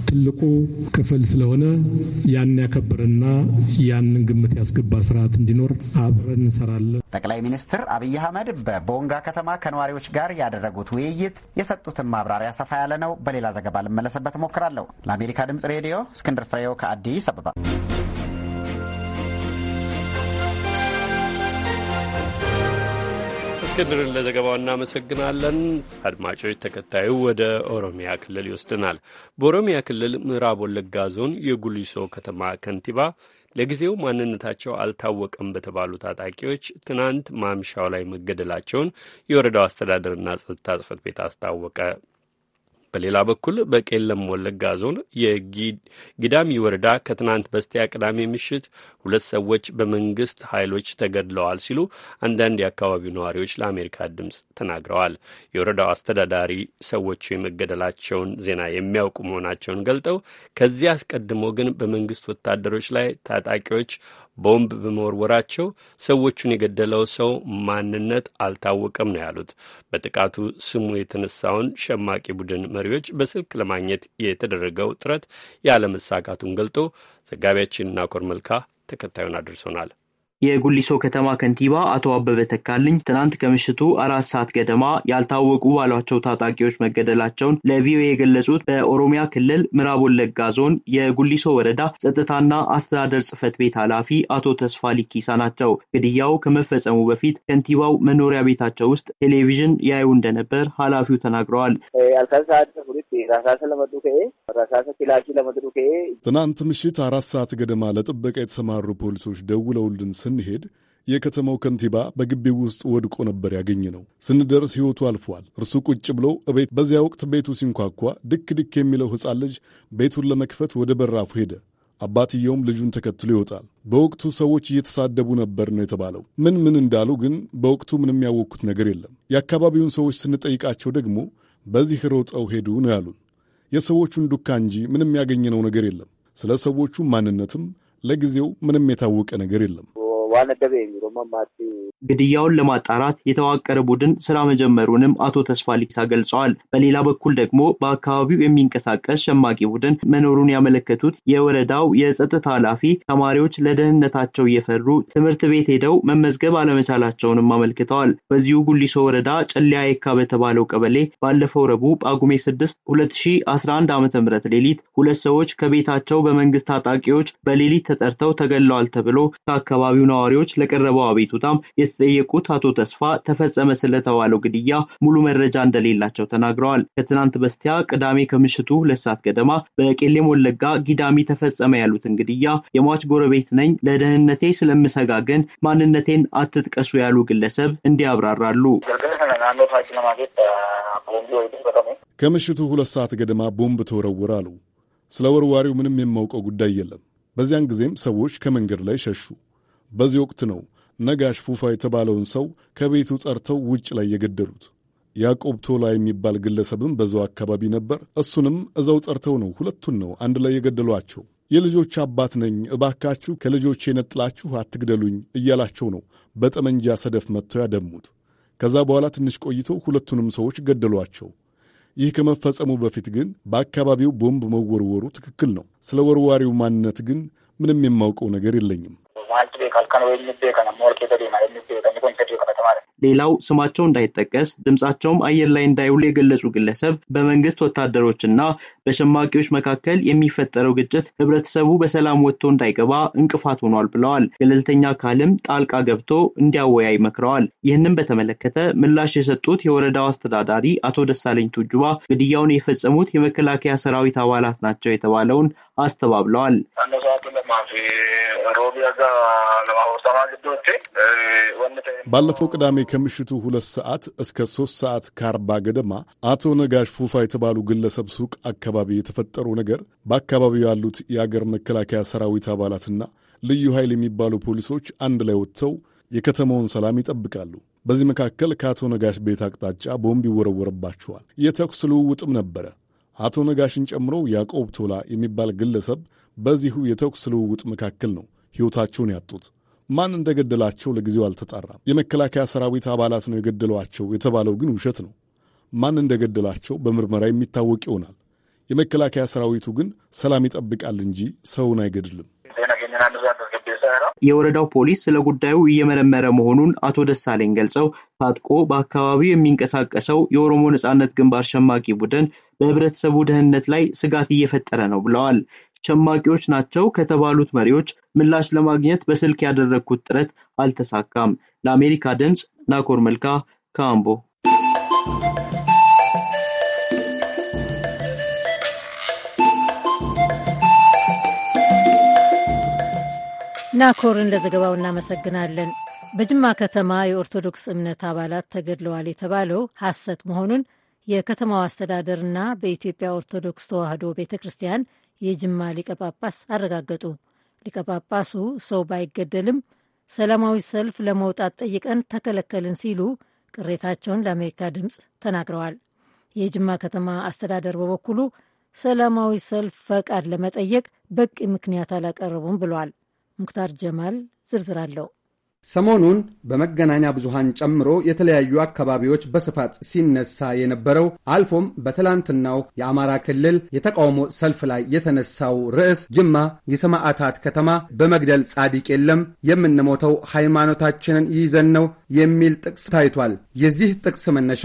ትልቁ ክፍል ስለሆነ ያን ያከበረና ያንን ግምት ያስገባ ስርዓት እንዲኖር አብረን እንሰራለን። ጠቅላይ ሚኒስትር አብይ አህመድ በቦንጋ ከተማ ከነዋሪዎች ጋር ያደረጉት ውይይት የሰጡትን ማብራሪያ ሰፋ ያለ ነው። በሌላ ዘገባ ልመለስበት እሞክራለሁ። ለአሜሪካ ድምጽ ሬዲዮ እስክንድር ፍሬው ከአዲስ አበባ እስክንድርን ለዘገባው እናመሰግናለን። አድማጮች፣ ተከታዩ ወደ ኦሮሚያ ክልል ይወስደናል። በኦሮሚያ ክልል ምዕራብ ወለጋ ዞን የጉሊሶ ከተማ ከንቲባ ለጊዜው ማንነታቸው አልታወቀም በተባሉ ታጣቂዎች ትናንት ማምሻው ላይ መገደላቸውን የወረዳው አስተዳደርና ጸጥታ ጽፈት ቤት አስታወቀ። በሌላ በኩል በቄለም ወለጋ ዞን የጊዳሚ ወረዳ ከትናንት በስቲያ ቅዳሜ ምሽት ሁለት ሰዎች በመንግስት ኃይሎች ተገድለዋል ሲሉ አንዳንድ የአካባቢው ነዋሪዎች ለአሜሪካ ድምፅ ተናግረዋል። የወረዳው አስተዳዳሪ ሰዎቹ የመገደላቸውን ዜና የሚያውቁ መሆናቸውን ገልጠው ከዚህ አስቀድሞ ግን በመንግስት ወታደሮች ላይ ታጣቂዎች ቦምብ በመወርወራቸው ሰዎቹን የገደለው ሰው ማንነት አልታወቀም ነው ያሉት። በጥቃቱ ስሙ የተነሳውን ሸማቂ ቡድን መሪዎች በስልክ ለማግኘት የተደረገው ጥረት ያለመሳካቱን ገልጦ ዘጋቢያችን ናኮር መልካ ተከታዩን አድርሶናል። የጉሊሶ ከተማ ከንቲባ አቶ አበበ ተካልኝ ትናንት ከምሽቱ አራት ሰዓት ገደማ ያልታወቁ ባሏቸው ታጣቂዎች መገደላቸውን ለቪኦኤ የገለጹት በኦሮሚያ ክልል ምዕራብ ወለጋ ዞን የጉሊሶ ወረዳ ጸጥታና አስተዳደር ጽህፈት ቤት ኃላፊ አቶ ተስፋ ሊኪሳ ናቸው። ግድያው ከመፈጸሙ በፊት ከንቲባው መኖሪያ ቤታቸው ውስጥ ቴሌቪዥን ያዩ እንደነበር ኃላፊው ተናግረዋል። ትናንት ምሽት አራት ሰዓት ገደማ ለጥበቃ የተሰማሩ ፖሊሶች ደውለውልን ስንሄድ የከተማው ከንቲባ በግቢው ውስጥ ወድቆ ነበር ያገኘ ነው። ስንደርስ ሕይወቱ አልፏል። እርሱ ቁጭ ብሎ እቤት በዚያ ወቅት ቤቱ ሲንኳኳ ድክ ድክ የሚለው ሕፃን ልጅ ቤቱን ለመክፈት ወደ በራፉ ሄደ። አባትየውም ልጁን ተከትሎ ይወጣል። በወቅቱ ሰዎች እየተሳደቡ ነበር ነው የተባለው። ምን ምን እንዳሉ ግን በወቅቱ ምንም ያወቅኩት ነገር የለም። የአካባቢውን ሰዎች ስንጠይቃቸው ደግሞ በዚህ ሮጠው ሄዱ ነው ያሉን። የሰዎቹን ዱካ እንጂ ምንም ያገኘነው ነገር የለም። ስለ ሰዎቹ ማንነትም ለጊዜው ምንም የታወቀ ነገር የለም። ግድያውን ለማጣራት የተዋቀረ ቡድን ስራ መጀመሩንም አቶ ተስፋ ሊክሳ ገልጸዋል። በሌላ በኩል ደግሞ በአካባቢው የሚንቀሳቀስ ሸማቂ ቡድን መኖሩን ያመለከቱት የወረዳው የጸጥታ ኃላፊ ተማሪዎች ለደህንነታቸው እየፈሩ ትምህርት ቤት ሄደው መመዝገብ አለመቻላቸውንም አመልክተዋል። በዚሁ ጉሊሶ ወረዳ ጨሊያ የካ በተባለው ቀበሌ ባለፈው ረቡዕ ጳጉሜ 6 2011 ዓ ም ሌሊት ሁለት ሰዎች ከቤታቸው በመንግስት ታጣቂዎች በሌሊት ተጠርተው ተገለዋል ተብሎ ከአካባቢው ነው ነዋሪዎች ለቀረበው አቤቱታም የተጠየቁት አቶ ተስፋ ተፈጸመ ስለተባለው ግድያ ሙሉ መረጃ እንደሌላቸው ተናግረዋል። ከትናንት በስቲያ ቅዳሜ ከምሽቱ ሁለት ሰዓት ገደማ በቄሌም ወለጋ ጊዳሚ ተፈጸመ ያሉትን ግድያ የሟች ጎረቤት ነኝ፣ ለደህንነቴ ስለምሰጋ ግን ማንነቴን አትጥቀሱ ያሉ ግለሰብ እንዲያብራራሉ። ከምሽቱ ሁለት ሰዓት ገደማ ቦምብ ተወረወረ አሉ። ስለ ወርዋሪው ምንም የማውቀው ጉዳይ የለም። በዚያን ጊዜም ሰዎች ከመንገድ ላይ ሸሹ። በዚህ ወቅት ነው ነጋሽ ፉፋ የተባለውን ሰው ከቤቱ ጠርተው ውጭ ላይ የገደሉት። ያዕቆብ ቶላ የሚባል ግለሰብም በዛው አካባቢ ነበር። እሱንም እዛው ጠርተው ነው ሁለቱን ነው አንድ ላይ የገደሏቸው። የልጆች አባት ነኝ፣ እባካችሁ ከልጆቼ ነጥላችሁ አትግደሉኝ እያላቸው ነው በጠመንጃ ሰደፍ መጥተው ያደሙት። ከዛ በኋላ ትንሽ ቆይቶ ሁለቱንም ሰዎች ገደሏቸው። ይህ ከመፈጸሙ በፊት ግን በአካባቢው ቦምብ መወርወሩ ትክክል ነው። ስለ ወርዋሪው ማንነት ግን ምንም የማውቀው ነገር የለኝም። ማልት ቤካል ከነ ወይ ሌላው ስማቸው እንዳይጠቀስ ድምፃቸውም አየር ላይ እንዳይውል የገለጹ ግለሰብ በመንግስት ወታደሮችና በሸማቂዎች መካከል የሚፈጠረው ግጭት ህብረተሰቡ በሰላም ወጥቶ እንዳይገባ እንቅፋት ሆኗል ብለዋል። ገለልተኛ አካልም ጣልቃ ገብቶ እንዲያወያይ መክረዋል። ይህንም በተመለከተ ምላሽ የሰጡት የወረዳው አስተዳዳሪ አቶ ደሳለኝ ቱጁባ ግድያውን የፈጸሙት የመከላከያ ሰራዊት አባላት ናቸው የተባለውን አስተባብለዋል። ባለፈው ቅዳሜ ከምሽቱ ሁለት ሰዓት እስከ ሶስት ሰዓት ከአርባ ገደማ አቶ ነጋሽ ፉፋ የተባሉ ግለሰብ ሱቅ አካባቢ የተፈጠሩ ነገር በአካባቢው ያሉት የአገር መከላከያ ሰራዊት አባላትና ልዩ ኃይል የሚባሉ ፖሊሶች አንድ ላይ ወጥተው የከተማውን ሰላም ይጠብቃሉ። በዚህ መካከል ከአቶ ነጋሽ ቤት አቅጣጫ ቦምብ ይወረወረባቸዋል። የተኩስ ልውውጥም ነበረ። አቶ ነጋሽን ጨምሮ ያዕቆብ ቶላ የሚባል ግለሰብ በዚሁ የተኩስ ልውውጥ መካከል ነው ሕይወታቸውን ያጡት። ማን እንደገደላቸው ለጊዜው አልተጣራም። የመከላከያ ሰራዊት አባላት ነው የገደሏቸው የተባለው ግን ውሸት ነው። ማን እንደገደላቸው በምርመራ የሚታወቅ ይሆናል። የመከላከያ ሰራዊቱ ግን ሰላም ይጠብቃል እንጂ ሰውን አይገድልም። የወረዳው ፖሊስ ስለ ጉዳዩ እየመረመረ መሆኑን አቶ ደሳለኝ ገልጸው ታጥቆ በአካባቢው የሚንቀሳቀሰው የኦሮሞ ነጻነት ግንባር ሸማቂ ቡድን በህብረተሰቡ ደህንነት ላይ ስጋት እየፈጠረ ነው ብለዋል። ሸማቂዎች ናቸው ከተባሉት መሪዎች ምላሽ ለማግኘት በስልክ ያደረግኩት ጥረት አልተሳካም። ለአሜሪካ ድምፅ ናኮር መልካ ከአምቦ ናኮርን ለዘገባው እናመሰግናለን። በጅማ ከተማ የኦርቶዶክስ እምነት አባላት ተገድለዋል የተባለው ሐሰት መሆኑን የከተማው አስተዳደርና በኢትዮጵያ ኦርቶዶክስ ተዋህዶ ቤተ ክርስቲያን የጅማ ሊቀ ጳጳስ አረጋገጡ። ሊቀ ጳጳሱ ሰው ባይገደልም ሰላማዊ ሰልፍ ለመውጣት ጠይቀን ተከለከልን ሲሉ ቅሬታቸውን ለአሜሪካ ድምፅ ተናግረዋል። የጅማ ከተማ አስተዳደር በበኩሉ ሰላማዊ ሰልፍ ፈቃድ ለመጠየቅ በቂ ምክንያት አላቀረቡም ብሏል። ሙክታር ጀማል ዝርዝር አለው። ሰሞኑን በመገናኛ ብዙሃን ጨምሮ የተለያዩ አካባቢዎች በስፋት ሲነሳ የነበረው አልፎም በትላንትናው የአማራ ክልል የተቃውሞ ሰልፍ ላይ የተነሳው ርዕስ ጅማ የሰማዕታት ከተማ በመግደል ጻድቅ የለም፣ የምንሞተው ሃይማኖታችንን ይይዘን ነው የሚል ጥቅስ ታይቷል። የዚህ ጥቅስ መነሻ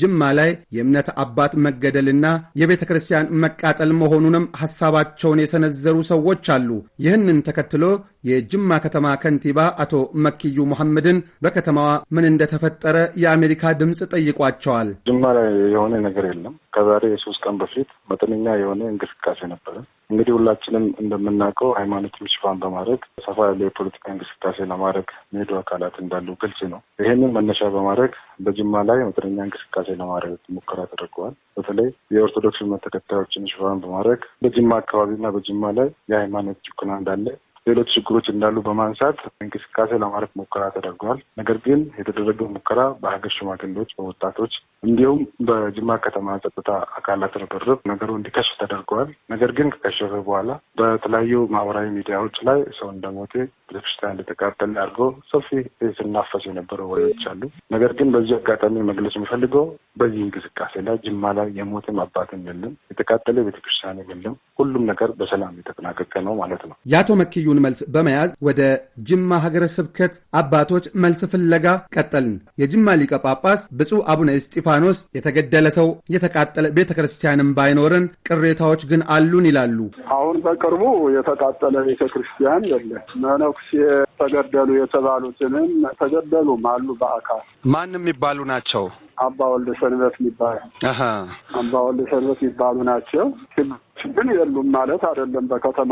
ጅማ ላይ የእምነት አባት መገደልና የቤተ ክርስቲያን መቃጠል መሆኑንም ሐሳባቸውን የሰነዘሩ ሰዎች አሉ። ይህንን ተከትሎ የጅማ ከተማ ከንቲባ አቶ መኪዩ መሐመድን በከተማዋ ምን እንደተፈጠረ የአሜሪካ ድምፅ ጠይቋቸዋል። ጅማ ላይ የሆነ ነገር የለም። ከዛሬ የሶስት ቀን በፊት መጠነኛ የሆነ እንቅስቃሴ ነበረ። እንግዲህ ሁላችንም እንደምናውቀው ሃይማኖትን ሽፋን በማድረግ ሰፋ ያለ የፖለቲካ እንቅስቃሴ ለማድረግ ሚሄዱ አካላት እንዳሉ ግልጽ ነው። ይህንን መነሻ በማድረግ በጅማ ላይ መጠነኛ እንቅስቃሴ ለማድረግ ሙከራ ተደርገዋል። በተለይ የኦርቶዶክስ እምነት ተከታዮችን ሽፋን በማድረግ በጅማ አካባቢና በጅማ ላይ የሃይማኖት ጭቆና እንዳለ ሌሎች ችግሮች እንዳሉ በማንሳት እንቅስቃሴ ለማድረግ ሙከራ ተደርገዋል። ነገር ግን የተደረገው ሙከራ በሀገር ሽማግሌዎች፣ በወጣቶች እንዲሁም በጅማ ከተማ ጸጥታ አካላት ርብርብ ነገሩ እንዲከሽፍ ተደርገዋል። ነገር ግን ከከሸፈ በኋላ በተለያዩ ማህበራዊ ሚዲያዎች ላይ ሰው እንደሞቴ ቤተክርስቲያን እንደተቃጠለ አድርጎ ሰፊ ስናፈሱ የነበረ ወሬዎች አሉ። ነገር ግን በዚህ አጋጣሚ መግለጽ የሚፈልገው በዚህ እንቅስቃሴ ላይ ጅማ ላይ የሞትም አባትም የለም፣ የተቃጠለ ቤተክርስቲያንም የለም። ሁሉም ነገር በሰላም የተጠናቀቀ ነው ማለት ነው። የአቶ መክዩ ተገቢውን መልስ በመያዝ ወደ ጅማ ሀገረ ስብከት አባቶች መልስ ፍለጋ ቀጠልን። የጅማ ሊቀ ጳጳስ ብፁዕ አቡነ እስጢፋኖስ የተገደለ ሰው የተቃጠለ ቤተ ክርስቲያንም ባይኖርን ቅሬታዎች ግን አሉን ይላሉ። አሁን በቅርቡ የተቃጠለ ቤተ ክርስቲያን የለ። መነኩሴ ተገደሉ የተባሉትንም ተገደሉም አሉ። በአካል ማንም የሚባሉ ናቸው? አባ ወልደ ሰንበት የሚባሉ አባ ወልደ ሰንበት የሚባሉ ናቸው። ግን የሉም ማለት አይደለም። በከተማ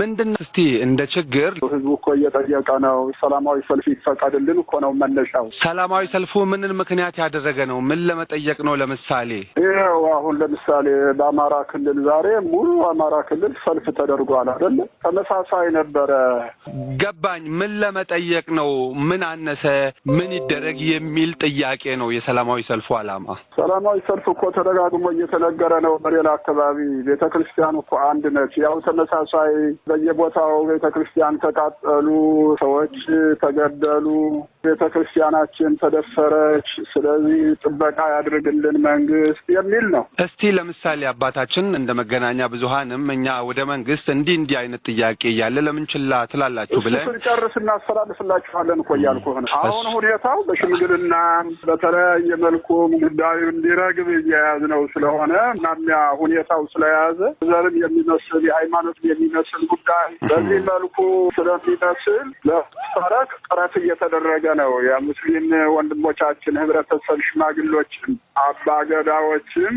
ምንድን እስቲ እንደ ችግር ህዝቡ እኮ እየጠየቀ ነው። ሰላማዊ ሰልፍ ይፈቀድልን እኮ ነው መነሻው። ሰላማዊ ሰልፉ ምንን ምክንያት ያደረገ ነው? ምን ለመጠየቅ ነው? ለምሳሌ ይኸው አሁን ለምሳሌ በአማራ ክልል ዛሬ ሙሉ አማራ ክልል ሰልፍ ተደርጓል አይደለም? ተመሳሳይ ነበረ። ገባኝ። ምን ለመጠየቅ ነው? ምን አነሰ? ምን ይደረግ የሚል ጥያቄ ነው የሰላማዊ ሰልፉ አላማ ሰላማዊ ሰልፍ እኮ ተደጋግሞ እየተነገረ ነው። በሌላ አካባቢ ቤተ ክርስቲያን እኮ አንድ ነች። ያው ተመሳሳይ በየቦታው ቤተ ክርስቲያን ተቃጠሉ፣ ሰዎች ተገደሉ፣ ቤተ ክርስቲያናችን ተደፈረች፣ ስለዚህ ጥበቃ ያድርግልን መንግስት የሚል ነው። እስቲ ለምሳሌ አባታችን እንደ መገናኛ ብዙሀንም እኛ ወደ መንግስት እንዲህ እንዲህ አይነት ጥያቄ እያለ ለምን ችላ ትላላችሁ ብለን ጨርስ እናስተላልፍላችኋለን እኮ እያልኩ ነው። አሁን ሁኔታው በሽምግልና በተለያየ መልኩ ጉዳዩ እንዲረግብ እያያዝ ነው ስለሆነ እናሚያ ሁኔታው ስለያዘ ዘርም የሚመስል የሃይማኖት የሚመስል ጉዳይ በዚህ መልኩ ስለሚመስል ለማስታረቅ ጥረት እየተደረገ ነው። የሙስሊም ወንድሞቻችን ህብረተሰብ ሽማግሎችን አባገዳዎችም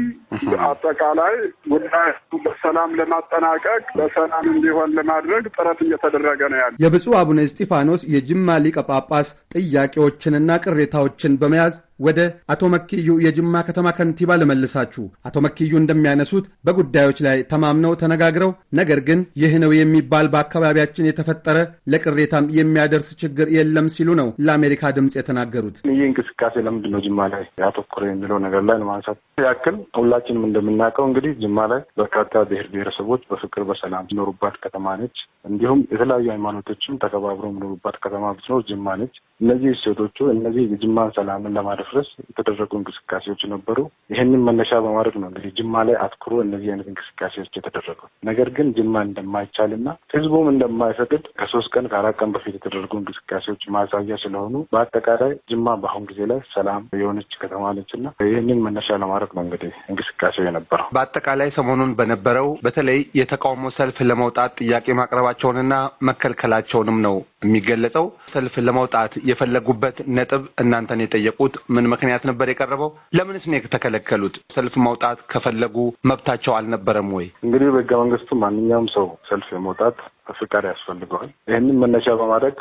አጠቃላይ ጉዳዩ በሰላም ለማጠናቀቅ በሰላም እንዲሆን ለማድረግ ጥረት እየተደረገ ነው ያለ የብፁዕ አቡነ እስጢፋኖስ የጅማ ሊቀ ጳጳስ ጥያቄዎችንና ቅሬታዎችን በመያዝ ወደ አቶ መክዩ የጅማ ከተማ ከንቲባ ልመልሳችሁ። አቶ መክዩ እንደሚያነሱት በጉዳዮች ላይ ተማምነው ተነጋግረው፣ ነገር ግን ይህ ነው የሚባል በአካባቢያችን የተፈጠረ ለቅሬታም የሚያደርስ ችግር የለም ሲሉ ነው ለአሜሪካ ድምፅ የተናገሩት። ይህ እንቅስቃሴ ለምንድን ነው ጅማ ላይ ያተኮረ የሚለው ነገር ላይ ለማንሳት ያክል ሁላችንም እንደምናውቀው እንግዲህ ጅማ ላይ በርካታ ብሔር ብሔረሰቦች በፍቅር በሰላም ሲኖሩባት ከተማ ነች። እንዲሁም የተለያዩ ሃይማኖቶችም ተከባብረው የሚኖሩባት ከተማ ብትኖር ጅማ ነች። እነዚህ እሴቶቹ እነዚህ የጅማን ሰላምን ለማደፍረስ የተደረጉ እንቅስቃሴዎች ነበሩ። ይህንን መነሻ በማድረግ ነው እንግዲህ ጅማ ላይ አትኩሮ እነዚህ አይነት እንቅስቃሴዎች የተደረጉ። ነገር ግን ጅማ እንደማይቻልና ህዝቡም እንደማይፈቅድ ከሶስት ቀን ከአራት ቀን በፊት የተደረጉ እንቅስቃሴዎች ማሳያ ስለሆኑ በአጠቃላይ ጅማ በአሁን ጊዜ ላይ ሰላም የሆነች ከተማ ነችና ይህንን መነሻ ለማድረግ ነው እንግዲህ እንቅስቃሴው የነበረው። በአጠቃላይ ሰሞኑን በነበረው በተለይ የተቃውሞ ሰልፍ ለመውጣት ጥያቄ ማቅረባቸውንና መከልከላቸውንም ነው የሚገለጸው። ሰልፍ ለመውጣት የፈለጉበት ነጥብ እናንተን የጠየቁት ምን ምክንያት ነበር የቀረበው? ለምንስ ነው የተከለከሉት? ሰልፍ መውጣት ከፈለጉ መብታቸው አልነበረም ወይ? እንግዲህ በህገ መንግስቱ ማንኛውም ሰው ሰልፍ የመውጣት ፍቃድ ያስፈልገዋል። ይህንን መነሻ በማድረግ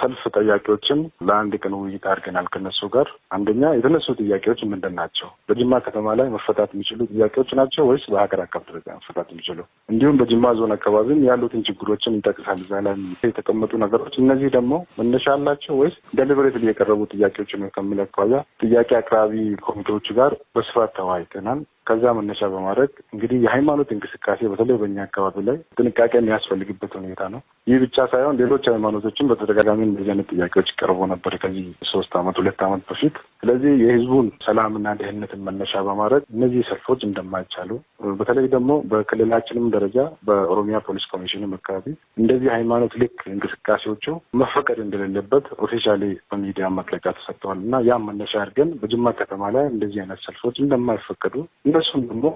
ሰልፍ ጥያቄዎችን ለአንድ ቀን ውይይት አድርገናል ከነሱ ጋር። አንደኛ የተነሱ ጥያቄዎች ምንድን ናቸው? በጅማ ከተማ ላይ መፈታት የሚችሉ ጥያቄዎች ናቸው ወይስ በሀገር አቀፍ ደረጃ መፈታት የሚችሉ? እንዲሁም በጅማ ዞን አካባቢም ያሉትን ችግሮችን እንጠቅሳል። እዛ ላይ የተቀመጡ ነገሮች እነዚህ ደግሞ መነሻ አላቸው ወይስ ደሊበሬትሊ የቀረቡ ጥያቄዎች ነው ከሚል አኳያ ጥያቄ አቅራቢ ኮሚቴዎቹ ጋር በስፋት ተወያይተናል። ከዛ መነሻ በማድረግ እንግዲህ የሃይማኖት እንቅስቃሴ በተለይ በእኛ አካባቢ ላይ ጥንቃቄ የሚያስፈልግበት ሁኔታ ነው። ይህ ብቻ ሳይሆን ሌሎች ሃይማኖቶችን በተደጋጋሚ እንደዚህ አይነት ጥያቄዎች ቀርቦ ነበር ከዚህ ሶስት አመት ሁለት ዓመት በፊት። ስለዚህ የህዝቡን ሰላምና ደህንነትን መነሻ በማድረግ እነዚህ ሰልፎች እንደማይቻሉ በተለይ ደግሞ በክልላችንም ደረጃ በኦሮሚያ ፖሊስ ኮሚሽንም አካባቢ እንደዚህ ሃይማኖት ልክ እንቅስቃሴዎቹ መፈቀድ እንደሌለበት ኦፊሻሌ በሚዲያ መግለጫ ተሰጥተዋል እና ያም መነሻ አድርገን በጅማ ከተማ ላይ እንደዚህ አይነት ሰልፎች እንደማይፈቀዱ እነሱም ደግሞ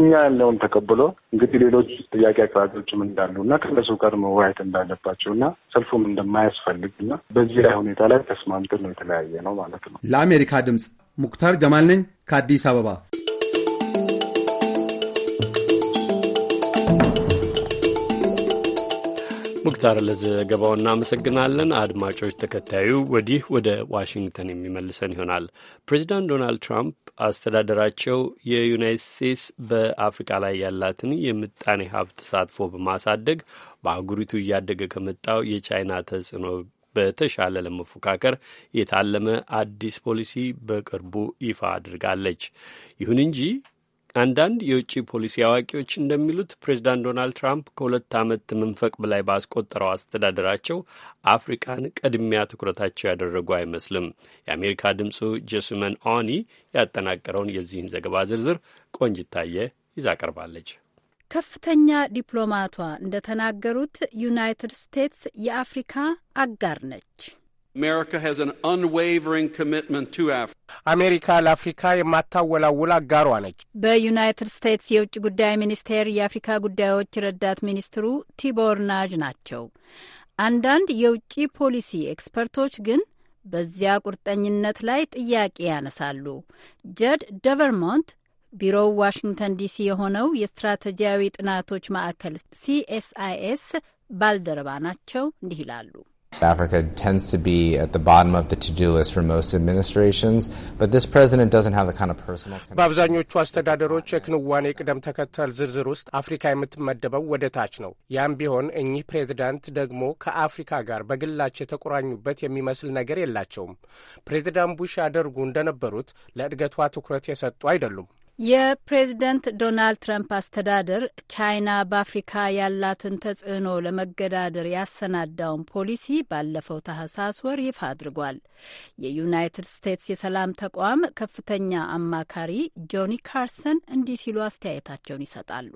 እኛ ያለውን ተቀብሎ እንግዲህ ሌሎች ጥያቄ አቅራቢዎችም እንዳሉ እና ከነሱ ጋር መወያየት እንዳለባቸው እና ሰልፉም እንደማያስፈልግ እና በዚህ ላይ ሁኔታ ላይ ተስማምተን ነው የተለያየ ነው ማለት ነው። ለአሜሪካ ድምፅ ሙክታር ጀማል ነኝ ከአዲስ አበባ። ሙክታር ለዘገባው እናመሰግናለን። አድማጮች፣ ተከታዩ ወዲህ ወደ ዋሽንግተን የሚመልሰን ይሆናል። ፕሬዚዳንት ዶናልድ ትራምፕ አስተዳደራቸው የዩናይት ስቴትስ በአፍሪካ ላይ ያላትን የምጣኔ ሀብት ተሳትፎ በማሳደግ በአህጉሪቱ እያደገ ከመጣው የቻይና ተጽዕኖ በተሻለ ለመፎካከር የታለመ አዲስ ፖሊሲ በቅርቡ ይፋ አድርጋለች። ይሁን እንጂ አንዳንድ የውጭ ፖሊሲ አዋቂዎች እንደሚሉት ፕሬዚዳንት ዶናልድ ትራምፕ ከሁለት ዓመት መንፈቅ በላይ ባስቆጠረው አስተዳደራቸው አፍሪካን ቅድሚያ ትኩረታቸው ያደረጉ አይመስልም። የአሜሪካ ድምፁ ጀሱመን ኦኒ ያጠናቀረውን የዚህን ዘገባ ዝርዝር ቆንጅታየ ይዛ ቀርባለች። ከፍተኛ ዲፕሎማቷ እንደተናገሩት ዩናይትድ ስቴትስ የአፍሪካ አጋር ነች። አሜሪካ ለአፍሪካ የማታወላውል አጋሯ ነች። በዩናይትድ ስቴትስ የውጭ ጉዳይ ሚኒስቴር የአፍሪካ ጉዳዮች ረዳት ሚኒስትሩ ቲቦር ናጅ ናቸው። አንዳንድ የውጭ ፖሊሲ ኤክስፐርቶች ግን በዚያ ቁርጠኝነት ላይ ጥያቄ ያነሳሉ። ጀድ ደቨርሞንት ቢሮው ዋሽንግተን ዲሲ የሆነው የስትራቴጂያዊ ጥናቶች ማዕከል ሲኤስአይኤስ ባልደረባ ናቸው። እንዲህ ይላሉ። list. Africa tends to be at the bottom of the to-do list for most administrations, but this president doesn't have the kind of personal በአብዛኞቹ አስተዳደሮች የክንዋኔ ቅደም ተከተል ዝርዝር ውስጥ አፍሪካ የምትመደበው ወደ ታች ነው። ያም ቢሆን እኚህ ፕሬዚዳንት ደግሞ ከአፍሪካ ጋር በግላቸው የተቆራኙበት የሚመስል ነገር የላቸውም። ፕሬዚዳንት ቡሽ ያደርጉ እንደነበሩት ለእድገቷ ትኩረት የሰጡ አይደሉም። የፕሬዝደንት ዶናልድ ትራምፕ አስተዳደር ቻይና በአፍሪካ ያላትን ተጽዕኖ ለመገዳደር ያሰናዳውን ፖሊሲ ባለፈው ታህሳስ ወር ይፋ አድርጓል። የዩናይትድ ስቴትስ የሰላም ተቋም ከፍተኛ አማካሪ ጆኒ ካርሰን እንዲህ ሲሉ አስተያየታቸውን ይሰጣሉ።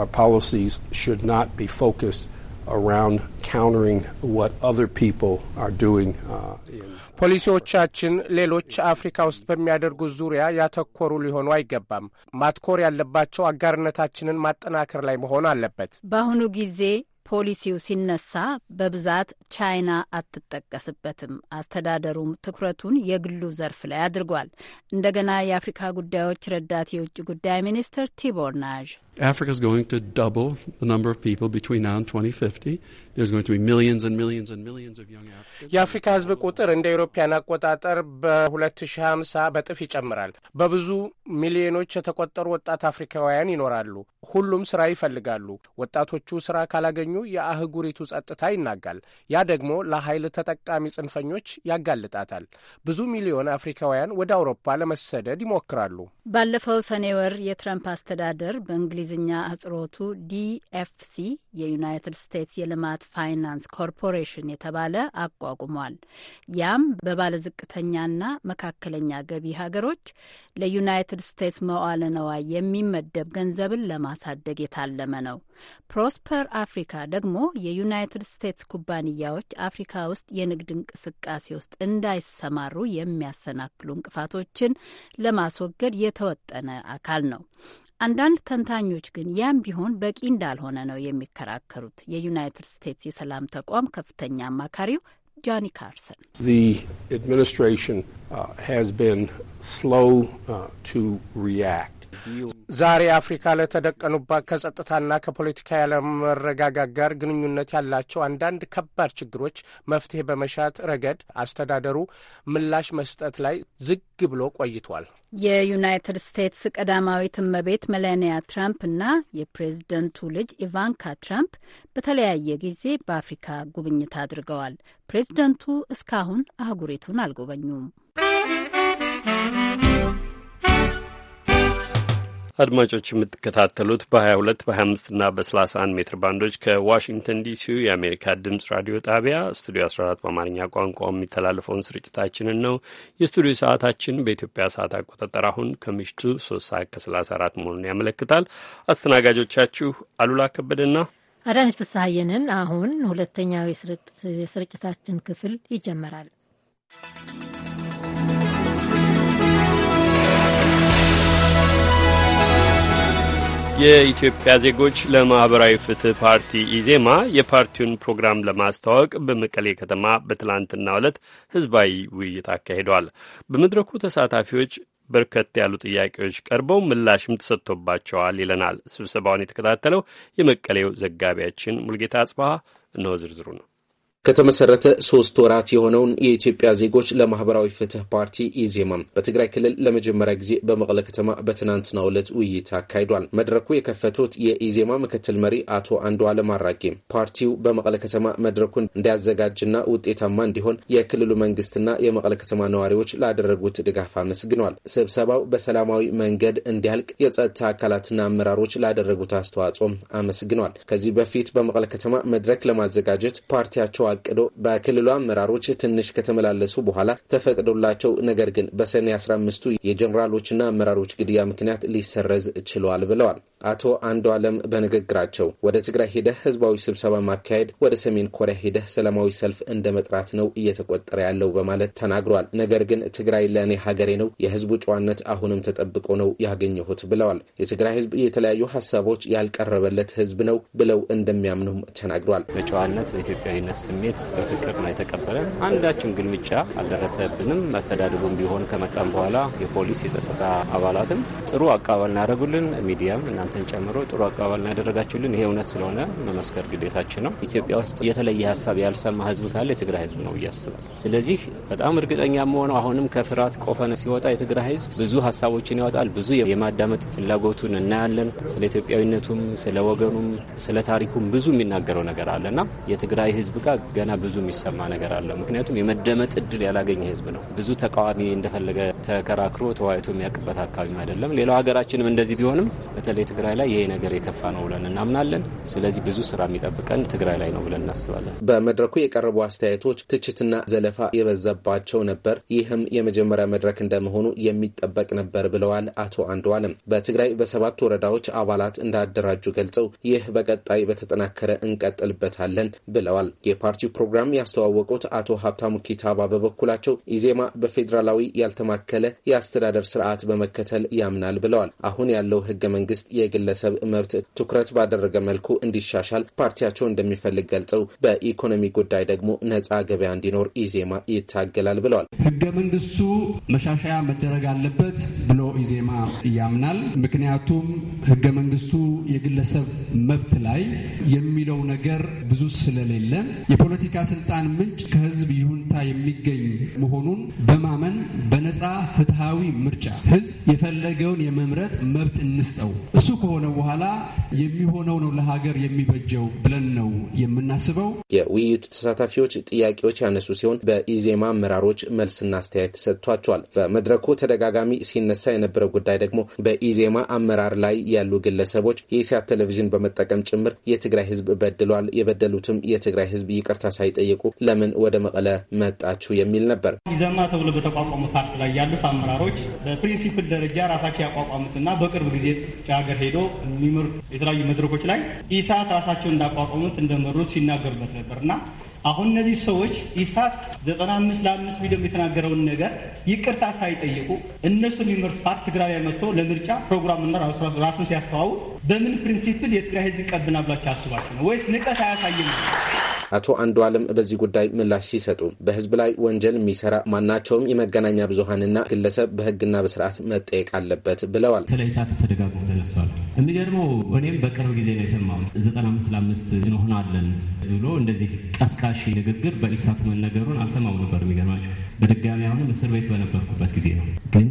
Our policies should not be focused around countering what other people are doing. Uh, ፖሊሲዎቻችን ሌሎች አፍሪካ ውስጥ በሚያደርጉት ዙሪያ ያተኮሩ ሊሆኑ አይገባም። ማትኮር ያለባቸው አጋርነታችንን ማጠናከር ላይ መሆን አለበት። በአሁኑ ጊዜ ፖሊሲው ሲነሳ በብዛት ቻይና አትጠቀስበትም። አስተዳደሩም ትኩረቱን የግሉ ዘርፍ ላይ አድርጓል። እንደገና የአፍሪካ ጉዳዮች ረዳት የውጭ ጉዳይ ሚኒስትር ቲቦር ናዥ Africa is going to double the number of people between now and 2050. There's going to be millions and millions and millions of young Africans. የአፍሪካ ሕዝብ ቁጥር እንደ አውሮፓውያን አቆጣጠር በ2050 በጥፍ ይጨምራል። በብዙ ሚሊዮኖች የተቆጠሩ ወጣት አፍሪካውያን ይኖራሉ። ሁሉም ስራ ይፈልጋሉ። ወጣቶቹ ስራ ካላገኙ የአህጉሪቱ ጸጥታ ይናጋል። ያ ደግሞ ለኃይል ተጠቃሚ ጽንፈኞች ያጋልጣታል። ብዙ ሚሊዮን አፍሪካውያን ወደ አውሮፓ ለመሰደድ ይሞክራሉ። ባለፈው ሰኔ ወር የትራምፕ አስተዳደር በእንግሊዝ በእንግሊዝኛ አጽሮቱ ዲኤፍሲ የዩናይትድ ስቴትስ የልማት ፋይናንስ ኮርፖሬሽን የተባለ አቋቁሟል። ያም በባለዝቅተኛና መካከለኛ ገቢ ሀገሮች ለዩናይትድ ስቴትስ መዋለ ነዋይ የሚመደብ ገንዘብን ለማሳደግ የታለመ ነው። ፕሮስፐር አፍሪካ ደግሞ የዩናይትድ ስቴትስ ኩባንያዎች አፍሪካ ውስጥ የንግድ እንቅስቃሴ ውስጥ እንዳይሰማሩ የሚያሰናክሉ እንቅፋቶችን ለማስወገድ የተወጠነ አካል ነው። አንዳንድ ተንታኞች ግን ያም ቢሆን በቂ እንዳልሆነ ነው የሚከራከሩት። የዩናይትድ ስቴትስ የሰላም ተቋም ከፍተኛ አማካሪው ጆኒ ካርሰን ስሎው ቱ ዛሬ አፍሪካ ለተደቀኑባት ከጸጥታና ከፖለቲካ ያለመረጋጋት ጋር ግንኙነት ያላቸው አንዳንድ ከባድ ችግሮች መፍትሄ በመሻት ረገድ አስተዳደሩ ምላሽ መስጠት ላይ ዝግ ብሎ ቆይቷል። የዩናይትድ ስቴትስ ቀዳማዊት እመቤት መላኒያ ትራምፕ እና የፕሬዝደንቱ ልጅ ኢቫንካ ትራምፕ በተለያየ ጊዜ በአፍሪካ ጉብኝት አድርገዋል። ፕሬዝደንቱ እስካሁን አህጉሪቱን አልጎበኙም። አድማጮች የምትከታተሉት በ22 በ25 እና በ31 ሜትር ባንዶች ከዋሽንግተን ዲሲ የአሜሪካ ድምፅ ራዲዮ ጣቢያ ስቱዲዮ 14 በአማርኛ ቋንቋ የሚተላለፈውን ስርጭታችንን ነው። የስቱዲዮ ሰዓታችን በኢትዮጵያ ሰዓት አቆጣጠር አሁን ከምሽቱ 3 ሰዓት ከ34 መሆኑን ያመለክታል። አስተናጋጆቻችሁ አሉላ ከበደና አዳነች ፍስሐየንን። አሁን ሁለተኛው የስርጭታችን ክፍል ይጀመራል። የኢትዮጵያ ዜጎች ለማኅበራዊ ፍትህ ፓርቲ ኢዜማ የፓርቲውን ፕሮግራም ለማስተዋወቅ በመቀሌ ከተማ በትላንትና ዕለት ህዝባዊ ውይይት አካሂደዋል። በመድረኩ ተሳታፊዎች በርከት ያሉ ጥያቄዎች ቀርበው ምላሽም ተሰጥቶባቸዋል ይለናል ስብሰባውን የተከታተለው የመቀሌው ዘጋቢያችን ሙልጌታ አጽባሃ እነሆ ዝርዝሩ ነው። ከተመሰረተ ሶስት ወራት የሆነውን የኢትዮጵያ ዜጎች ለማህበራዊ ፍትህ ፓርቲ ኢዜማ በትግራይ ክልል ለመጀመሪያ ጊዜ በመቀለ ከተማ በትናንትናው ዕለት ውይይት አካሂዷል። መድረኩ የከፈቱት የኢዜማ ምክትል መሪ አቶ አለም አራጌ ፓርቲው በመቀለ ከተማ መድረኩን እንዲያዘጋጅና ውጤታማ እንዲሆን የክልሉ መንግስትና የመቀለ ከተማ ነዋሪዎች ላደረጉት ድጋፍ አመስግነዋል። ስብሰባው በሰላማዊ መንገድ እንዲያልቅ የጸጥታ አካላትና አመራሮች ላደረጉት አስተዋጽኦም አመስግነዋል። ከዚህ በፊት በመቀለ ከተማ መድረክ ለማዘጋጀት ፓርቲያቸው ታቅዶ በክልሉ አመራሮች ትንሽ ከተመላለሱ በኋላ ተፈቅዶላቸው ነገር ግን በሰኔ 15 አምስቱ የጀኔራሎችና አመራሮች ግድያ ምክንያት ሊሰረዝ ችሏል ብለዋል። አቶ አንዱ አለም በንግግራቸው ወደ ትግራይ ሄደህ ህዝባዊ ስብሰባ ማካሄድ ወደ ሰሜን ኮሪያ ሄደህ ሰላማዊ ሰልፍ እንደ መጥራት ነው እየተቆጠረ ያለው በማለት ተናግሯል። ነገር ግን ትግራይ ለእኔ ሀገሬ ነው፣ የህዝቡ ጨዋነት አሁንም ተጠብቆ ነው ያገኘሁት ብለዋል። የትግራይ ህዝብ የተለያዩ ሀሳቦች ያልቀረበለት ህዝብ ነው ብለው እንደሚያምኑም ተናግሯል። በጨዋነት በኢትዮጵያዊነት ስሜት ስሜት በፍቅር ነው የተቀበለን። አንዳችን ግልምጫ አልደረሰብንም። መስተዳድሩም ቢሆን ከመጣም በኋላ የፖሊስ የጸጥታ አባላትም ጥሩ አቀባበል እናደረጉልን፣ ሚዲያም እናንተን ጨምሮ ጥሩ አቀባበል እናደረጋችሁልን። ይሄ እውነት ስለሆነ መመስከር ግዴታችን ነው። ኢትዮጵያ ውስጥ የተለየ ሀሳብ ያልሰማ ህዝብ ካለ የትግራይ ህዝብ ነው ብዬ ስለዚህ በጣም እርግጠኛ መሆነው አሁንም ከፍርሃት ቆፈነ ሲወጣ የትግራይ ህዝብ ብዙ ሀሳቦችን ያወጣል። ብዙ የማዳመጥ ፍላጎቱን እናያለን። ስለ ኢትዮጵያዊነቱም፣ ስለ ወገኑም፣ ስለ ታሪኩም ብዙ የሚናገረው ነገር አለና የትግራይ ህዝብ ጋር ገና ብዙ የሚሰማ ነገር አለ። ምክንያቱም የመደመጥ እድል ያላገኘ ህዝብ ነው። ብዙ ተቃዋሚ እንደፈለገ ተከራክሮ ተወያይቶ የሚያውቅበት አካባቢም አይደለም። ሌላው ሀገራችንም እንደዚህ ቢሆንም በተለይ ትግራይ ላይ ይሄ ነገር የከፋ ነው ብለን እናምናለን። ስለዚህ ብዙ ስራ የሚጠብቀን ትግራይ ላይ ነው ብለን እናስባለን። በመድረኩ የቀረቡ አስተያየቶች ትችትና ዘለፋ የበዛባቸው ነበር። ይህም የመጀመሪያ መድረክ እንደመሆኑ የሚጠበቅ ነበር ብለዋል አቶ አንዱ አለም። በትግራይ በሰባት ወረዳዎች አባላት እንዳደራጁ ገልጸው ይህ በቀጣይ በተጠናከረ እንቀጥልበታለን ብለዋል። የፓር ፓርቲው ፕሮግራም ያስተዋወቁት አቶ ሀብታሙ ኪታባ በበኩላቸው ኢዜማ በፌዴራላዊ ያልተማከለ የአስተዳደር ስርዓት በመከተል ያምናል ብለዋል። አሁን ያለው ህገ መንግስት የግለሰብ መብት ትኩረት ባደረገ መልኩ እንዲሻሻል ፓርቲያቸው እንደሚፈልግ ገልጸው በኢኮኖሚ ጉዳይ ደግሞ ነጻ ገበያ እንዲኖር ኢዜማ ይታገላል ብለዋል። ህገ መንግስቱ መሻሻያ መደረግ አለበት ብሎ ኢዜማ ያምናል። ምክንያቱም ህገ መንግስቱ የግለሰብ መብት ላይ የሚለው ነገር ብዙ ስለሌለ የፖለቲካ ስልጣን ምንጭ ከህዝብ ይሁንታ የሚገኝ መሆኑን በማመን በነጻ ፍትሐዊ ምርጫ ህዝብ የፈለገውን የመምረጥ መብት እንስጠው። እሱ ከሆነ በኋላ የሚሆነው ነው ለሀገር የሚበጀው ብለን ነው የምናስበው። የውይይቱ ተሳታፊዎች ጥያቄዎች ያነሱ ሲሆን በኢዜማ አመራሮች መልስና አስተያየት ተሰጥቷቸዋል። በመድረኩ ተደጋጋሚ ሲነሳ የነበረው ጉዳይ ደግሞ በኢዜማ አመራር ላይ ያሉ ግለሰቦች የኢሳት ቴሌቪዥን በመጠቀም ጭምር የትግራይ ህዝብ በድሏል፣ የበደሉትም የትግራይ ህዝብ ይቅር ይቅርታ ሳይጠይቁ ለምን ወደ መቀለ መጣችሁ የሚል ነበር። ኢዘማ ተብሎ በተቋቋሙት ፓርክ ላይ ያሉት አመራሮች በፕሪንሲፕል ደረጃ ራሳቸው ያቋቋሙትና በቅርብ ጊዜ ሀገር ሄዶ የሚመሩት የተለያዩ መድረኮች ላይ ኢሳት ራሳቸው እንዳቋቋሙት እንደመሩት ሲናገሩበት ነበር አሁን እነዚህ ሰዎች ኢሳት ዘጠና አምስት ለአምስት ሚሊዮን የተናገረውን ነገር ይቅርታ ሳይጠይቁ እነሱ የሚመርት ፓርቲ ትግራይ ላይ መጥቶ ለምርጫ ፕሮግራሙና ራሱን ሲያስተዋውቅ በምን ፕሪንሲፕል የትግራይ ህዝብ ይቀብና ብላቸው አስባችሁ ነው ወይስ ንቀት አያሳይም? አቶ አንዱ አለም በዚህ ጉዳይ ምላሽ ሲሰጡ በህዝብ ላይ ወንጀል የሚሰራ ማናቸውም የመገናኛ ብዙሀንና ግለሰብ በህግና በስርዓት መጠየቅ አለበት ብለዋል። ስለ ኢሳት ተደጋግሞ ተነሷል። የሚገርመው እኔም በቅርብ ጊዜ ነው የሰማሁት። ዘጠና አምስት ለአምስት እንሆናለን ብሎ እንደዚህ ቀስቃ ያቺ ንግግር በኢሳት መነገሩን አልሰማው ነበር። የሚገርማቸው በድጋሚ አሁንም እስር ቤት በነበርኩበት ጊዜ ነው። ግን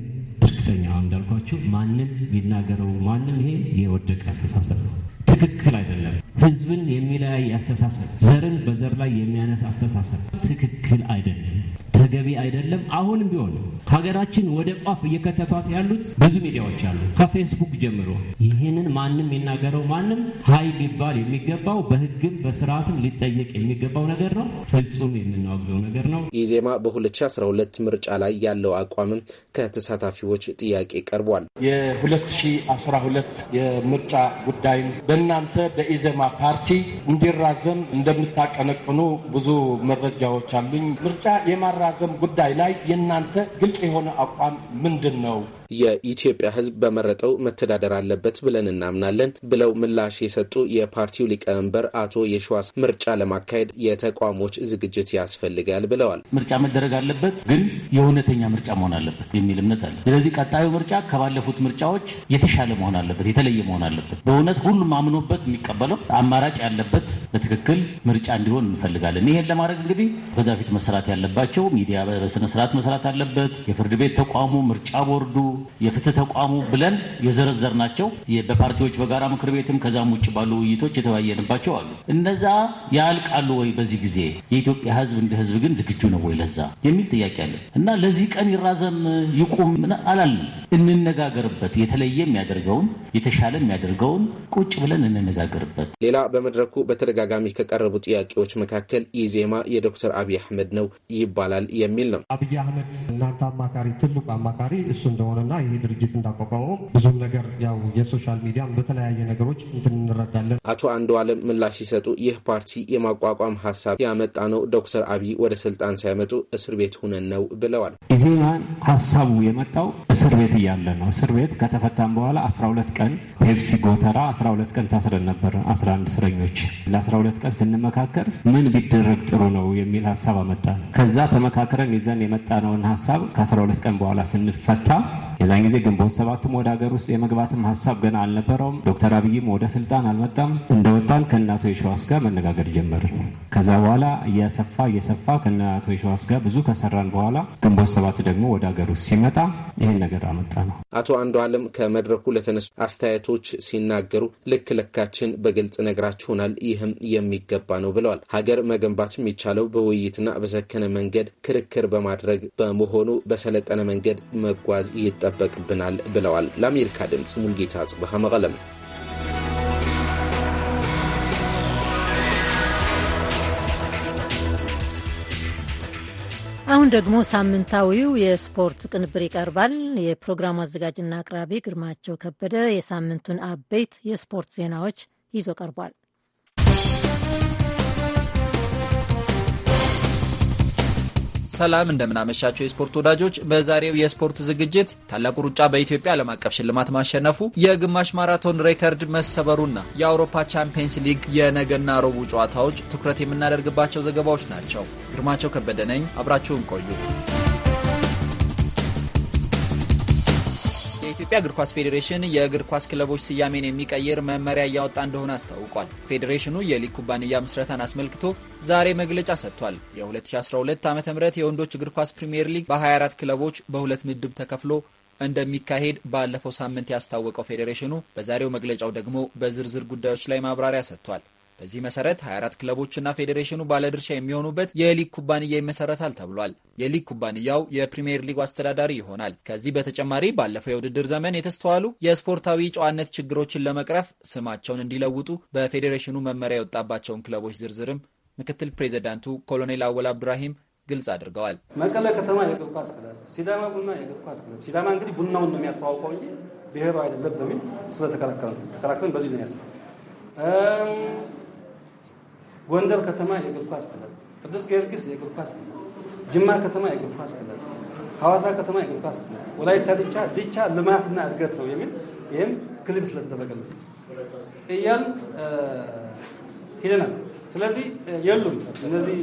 እርግጠኛ እንዳልኳቸው ማንም ሊናገረው ማንም ይሄ የወደቀ አስተሳሰብ ነው፣ ትክክል አይደለም። ህዝብን የሚለያይ አስተሳሰብ፣ ዘርን በዘር ላይ የሚያነስ አስተሳሰብ ትክክል አይደለም። ተገቢ አይደለም። አሁንም ቢሆን ሀገራችን ወደ ቋፍ እየከተቷት ያሉት ብዙ ሚዲያዎች አሉ፣ ከፌስቡክ ጀምሮ። ይህንን ማንም የሚናገረው ማንም ሀይ ሊባል የሚገባው በህግም በስርዓትም ሊጠየቅ የሚገባው ነገር ነው። ፍጹም የምናወግዘው ነገር ነው። ኢዜማ በ2012 ምርጫ ላይ ያለው አቋምም ከተሳታፊዎች ጥያቄ ቀርቧል። የ2012 የምርጫ ጉዳይም በእናንተ በኢዜማ ፓርቲ እንዲራዘም እንደምታቀነቅኑ ብዙ መረጃዎች አሉኝ። ምርጫ የማራ በማራዘም ጉዳይ ላይ የእናንተ ግልጽ የሆነ አቋም ምንድን ነው? የኢትዮጵያ ህዝብ በመረጠው መተዳደር አለበት ብለን እናምናለን ብለው ምላሽ የሰጡ የፓርቲው ሊቀመንበር አቶ የሸዋስ ምርጫ ለማካሄድ የተቋሞች ዝግጅት ያስፈልጋል ብለዋል። ምርጫ መደረግ አለበት፣ ግን የእውነተኛ ምርጫ መሆን አለበት የሚል እምነት አለ። ስለዚህ ቀጣዩ ምርጫ ከባለፉት ምርጫዎች የተሻለ መሆን አለበት፣ የተለየ መሆን አለበት። በእውነት ሁሉም አምኖበት የሚቀበለው አማራጭ ያለበት በትክክል ምርጫ እንዲሆን እንፈልጋለን። ይሄን ለማድረግ እንግዲህ ከዛ ፊት መሰራት ያለባቸው ሚዲያ በስነስርዓት መስራት አለበት። የፍርድ ቤት ተቋሙ፣ ምርጫ ቦርዱ የፍትህ ተቋሙ ብለን የዘረዘር ናቸው በፓርቲዎች በጋራ ምክር ቤትም ከዛም ውጭ ባሉ ውይይቶች የተወያየንባቸው አሉ። እነዛ ያልቃሉ ወይ በዚህ ጊዜ የኢትዮጵያ ህዝብ እንደ ህዝብ ግን ዝግጁ ነው ወይ ለዛ የሚል ጥያቄ አለ እና ለዚህ ቀን ይራዘም ይቁም አላል እንነጋገርበት። የተለየ የሚያደርገውን የተሻለ የሚያደርገውን ቁጭ ብለን እንነጋገርበት። ሌላ በመድረኩ በተደጋጋሚ ከቀረቡ ጥያቄዎች መካከል ኢዜማ የዶክተር አብይ አህመድ ነው ይባላል የሚል ነው። አብይ አህመድ እናንተ አማካሪ ትልቁ አማካሪ እሱ እንደሆነ እና ይሄ ድርጅት እንዳቋቋመው ብዙም ነገር ያው የሶሻል ሚዲያ በተለያየ ነገሮች እንትን እንረዳለን። አቶ አንዱ አለም ምላሽ ሲሰጡ ይህ ፓርቲ የማቋቋም ሀሳብ ያመጣ ነው ዶክተር አብይ ወደ ስልጣን ሳይመጡ እስር ቤት ሁነን ነው ብለዋል። ኢዜማ ሀሳቡ የመጣው እስር ቤት እያለ ነው። እስር ቤት ከተፈታም በኋላ 12 ቀን ፔፕሲ ጎተራ 12 ቀን ታስረን ነበር። 11 እስረኞች ለ12 ቀን ስንመካከር ምን ቢደረግ ጥሩ ነው የሚል ሀሳብ አመጣ። ከዛ ተመካክረን ይዘን የመጣነውን ሀሳብ ከ12 ቀን በኋላ ስንፈታ የዛን ጊዜ ግንቦት ሰባትም ወደ ሀገር ውስጥ የመግባትም ሀሳብ ገና አልነበረውም። ዶክተር አብይም ወደ ስልጣን አልመጣም። እንደወጣን ከእናቶ የሸዋስ ጋር መነጋገር ጀመር። ከዛ በኋላ እያሰፋ እየሰፋ ከእናቶ የሸዋስ ጋር ብዙ ከሰራን በኋላ ግንቦት ሰባት ደግሞ ወደ ሀገር ውስጥ ሲመጣ ይህን ነገር አመጣ ነው። አቶ አንዱ አለም ከመድረኩ ለተነሱ አስተያየቶች ሲናገሩ ልክ ልካችን በግልጽ ነግራችሁናል፣ ይህም የሚገባ ነው ብለዋል። ሀገር መገንባት የሚቻለው በውይይትና በሰከነ መንገድ ክርክር በማድረግ በመሆኑ በሰለጠነ መንገድ መጓዝ ይጠ ይጠበቅብናል ብለዋል። ለአሜሪካ ድምፅ ሙልጌታ ጽብሃ መቀለም። አሁን ደግሞ ሳምንታዊው የስፖርት ቅንብር ይቀርባል። የፕሮግራሙ አዘጋጅና አቅራቢ ግርማቸው ከበደ የሳምንቱን አበይት የስፖርት ዜናዎች ይዞ ቀርቧል። ሰላም እንደምናመሻቸው የስፖርት ወዳጆች። በዛሬው የስፖርት ዝግጅት ታላቁ ሩጫ በኢትዮጵያ ዓለም አቀፍ ሽልማት ማሸነፉ፣ የግማሽ ማራቶን ሬከርድ መሰበሩና የአውሮፓ ቻምፒየንስ ሊግ የነገና ረቡ ጨዋታዎች ትኩረት የምናደርግባቸው ዘገባዎች ናቸው። ግርማቸው ከበደ ነኝ። አብራችሁን ቆዩ። የኢትዮጵያ እግር ኳስ ፌዴሬሽን የእግር ኳስ ክለቦች ስያሜን የሚቀይር መመሪያ እያወጣ እንደሆነ አስታውቋል። ፌዴሬሽኑ የሊግ ኩባንያ ምስረታን አስመልክቶ ዛሬ መግለጫ ሰጥቷል። የ2012 ዓ ም የወንዶች እግር ኳስ ፕሪምየር ሊግ በ24 ክለቦች በሁለት ምድብ ተከፍሎ እንደሚካሄድ ባለፈው ሳምንት ያስታወቀው ፌዴሬሽኑ በዛሬው መግለጫው ደግሞ በዝርዝር ጉዳዮች ላይ ማብራሪያ ሰጥቷል። በዚህ መሰረት 24 ክለቦችና ፌዴሬሽኑ ባለድርሻ የሚሆኑበት የሊግ ኩባንያ ይመሰረታል ተብሏል። የሊግ ኩባንያው የፕሪምየር ሊግ አስተዳዳሪ ይሆናል። ከዚህ በተጨማሪ ባለፈው የውድድር ዘመን የተስተዋሉ የስፖርታዊ ጨዋነት ችግሮችን ለመቅረፍ ስማቸውን እንዲለውጡ በፌዴሬሽኑ መመሪያ የወጣባቸውን ክለቦች ዝርዝርም ምክትል ፕሬዚዳንቱ ኮሎኔል አወል አብዱራሂም ግልጽ አድርገዋል። መቀለ ከተማ የእግር ኳስ ክለብ፣ ሲዳማ ቡና የእግር ኳስ ክለብ። ሲዳማ እንግዲህ ቡናውን ነው የሚያስተዋውቀው እንጂ ብሔሩ አይደለም በሚል ስለተከላከለ ተከላክለን በዚህ ነው ያስ ጎንደር ከተማ የእግር ኳስ ክለብ፣ ቅዱስ ጊዮርጊስ የእግር ኳስ ክለብ፣ ጅማ ከተማ የእግር ኳስ ክለብ፣ ሐዋሳ ከተማ የእግር ኳስ ክለብ፣ ወላይታ ድቻ ድቻ ልማትና እድገት ነው የሚል ይህም ክሊፕ ስለተደረገልን እያል ሄደናል። ስለዚህ የሉም እነዚህ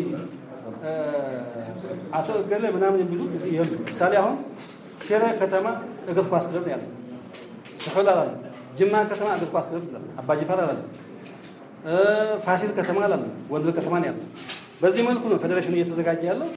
አቶ እገሌ ምናምን የሚሉት እዚህ የሉ። ምሳሌ አሁን ሽረ ከተማ እግር ኳስ ክለብ ያለ ስሑል አላለ፣ ጅማ ከተማ እግር ኳስ ክለብ አባጅፋር አላለ ፋሲል ከተማ አላለም፣ ወንዝ ከተማ ነው ያለው። በዚህ መልኩ ነው ፌዴሬሽኑ እየተዘጋጀ ያለው።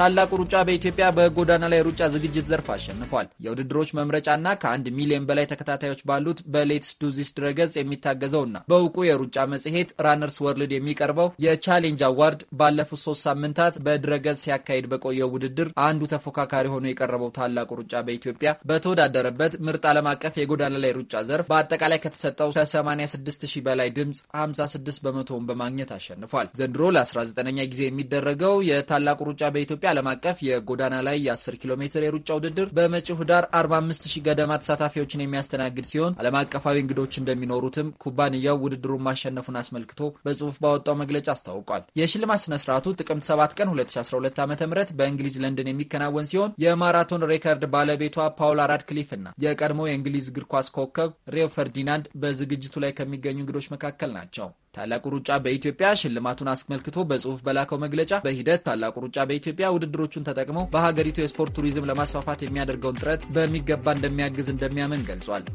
ታላቁ ሩጫ በኢትዮጵያ በጎዳና ላይ ሩጫ ዝግጅት ዘርፍ አሸንፏል። የውድድሮች መምረጫና ከአንድ ሚሊዮን በላይ ተከታታዮች ባሉት በሌትስ ዱዚስ ድረገጽ የሚታገዘውና በእውቁ የሩጫ መጽሔት ራነርስ ወርልድ የሚቀርበው የቻሌንጅ አዋርድ ባለፉት ሶስት ሳምንታት በድረገጽ ሲያካሄድ በቆየው ውድድር አንዱ ተፎካካሪ ሆኖ የቀረበው ታላቁ ሩጫ በኢትዮጵያ በተወዳደረበት ምርጥ ዓለም አቀፍ የጎዳና ላይ ሩጫ ዘርፍ በአጠቃላይ ከተሰጠው ከ86 ሺህ በላይ ድምፅ 56 በመቶውን በማግኘት አሸንፏል። ዘንድሮ ለ19ኛ ጊዜ የሚደረገው የታላቁ ሩጫ በኢትዮጵያ የኢትዮጵያ ዓለም አቀፍ የጎዳና ላይ የ10 ኪሎ ሜትር የሩጫ ውድድር በመጪው ህዳር 45000 ገደማ ተሳታፊዎችን የሚያስተናግድ ሲሆን ዓለም አቀፋዊ እንግዶች እንደሚኖሩትም ኩባንያው ውድድሩን ማሸነፉን አስመልክቶ በጽሁፍ ባወጣው መግለጫ አስታውቋል። የሽልማት ስነስርዓቱ ጥቅምት 7 ቀን 2012 ዓ ም በእንግሊዝ ለንደን የሚከናወን ሲሆን የማራቶን ሬከርድ ባለቤቷ ፓውላ ራድክሊፍ እና የቀድሞ የእንግሊዝ እግር ኳስ ኮከብ ሬው ፈርዲናንድ በዝግጅቱ ላይ ከሚገኙ እንግዶች መካከል ናቸው። ታላቁ ሩጫ በኢትዮጵያ ሽልማቱን አስመልክቶ በጽሁፍ በላከው መግለጫ በሂደት ታላቁ ሩጫ በኢትዮጵያ ውድድሮቹን ተጠቅመው በሀገሪቱ የስፖርት ቱሪዝም ለማስፋፋት የሚያደርገውን ጥረት በሚገባ እንደሚያግዝ እንደሚያምን ገልጿል።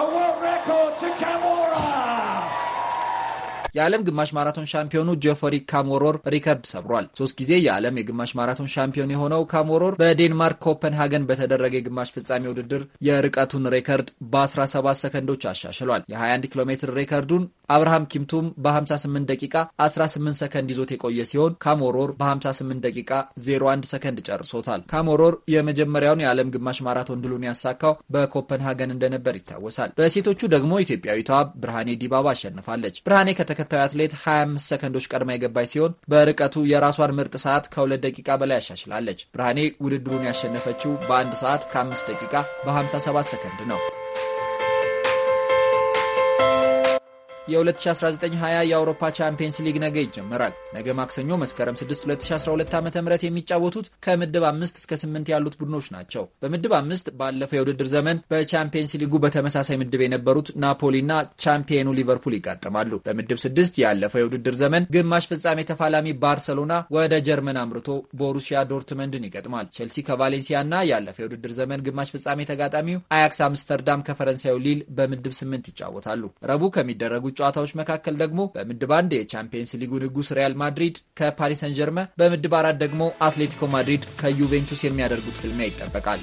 A world record to Camel የዓለም ግማሽ ማራቶን ሻምፒዮኑ ጆፎሪ ካሞሮር ሪከርድ ሰብሯል። ሶስት ጊዜ የዓለም የግማሽ ማራቶን ሻምፒዮን የሆነው ካሞሮር በዴንማርክ ኮፐንሃገን በተደረገ የግማሽ ፍጻሜ ውድድር የርቀቱን ሬከርድ በ17 ሰከንዶች አሻሽሏል። የ21 ኪሎ ሜትር ሬከርዱን አብርሃም ኪምቱም በ58 ደቂቃ 18 ሰከንድ ይዞት የቆየ ሲሆን ካሞሮር በ58 ደቂቃ 01 ሰከንድ ጨርሶታል። ካሞሮር የመጀመሪያውን የዓለም ግማሽ ማራቶን ድሉን ያሳካው በኮፐንሃገን እንደነበር ይታወሳል። በሴቶቹ ደግሞ ኢትዮጵያዊቷ ብርሃኔ ዲባባ አሸንፋለች። ብርሃኔ ከተከ ተከታዩ አትሌት 25 ሰከንዶች ቀድማ የገባች ሲሆን በርቀቱ የራሷን ምርጥ ሰዓት ከሁለት ደቂቃ በላይ ያሻሽላለች። ብርሃኔ ውድድሩን ያሸነፈችው በአንድ ሰዓት ከ5 ደቂቃ በ57 ሰከንድ ነው። የ2019-20 የአውሮፓ ቻምፒየንስ ሊግ ነገ ይጀመራል። ነገ ማክሰኞ መስከረም 6 2012 ዓ ም የሚጫወቱት ከምድብ አምስት እስከ ስምንት ያሉት ቡድኖች ናቸው። በምድብ አምስት ባለፈው የውድድር ዘመን በቻምፒየንስ ሊጉ በተመሳሳይ ምድብ የነበሩት ናፖሊና ቻምፒየኑ ሊቨርፑል ይጋጠማሉ። በምድብ ስድስት ያለፈው የውድድር ዘመን ግማሽ ፍጻሜ ተፋላሚ ባርሰሎና ወደ ጀርመን አምርቶ ቦሩሲያ ዶርትመንድን ይገጥማል። ቼልሲ ከቫሌንሲያና ያለፈው የውድድር ዘመን ግማሽ ፍጻሜ ተጋጣሚው አያክስ አምስተርዳም ከፈረንሳዩ ሊል በምድብ ስምንት ይጫወታሉ። ረቡዕ ከሚደረጉ ጨዋታዎች መካከል ደግሞ በምድብ አንድ የቻምፒየንስ ሊጉ ንጉስ ሪያል ማድሪድ ከፓሪስ ሰን በምድብ አራት ደግሞ አትሌቲኮ ማድሪድ ከዩቬንቱስ የሚያደርጉት ፍልሚያ ይጠበቃል።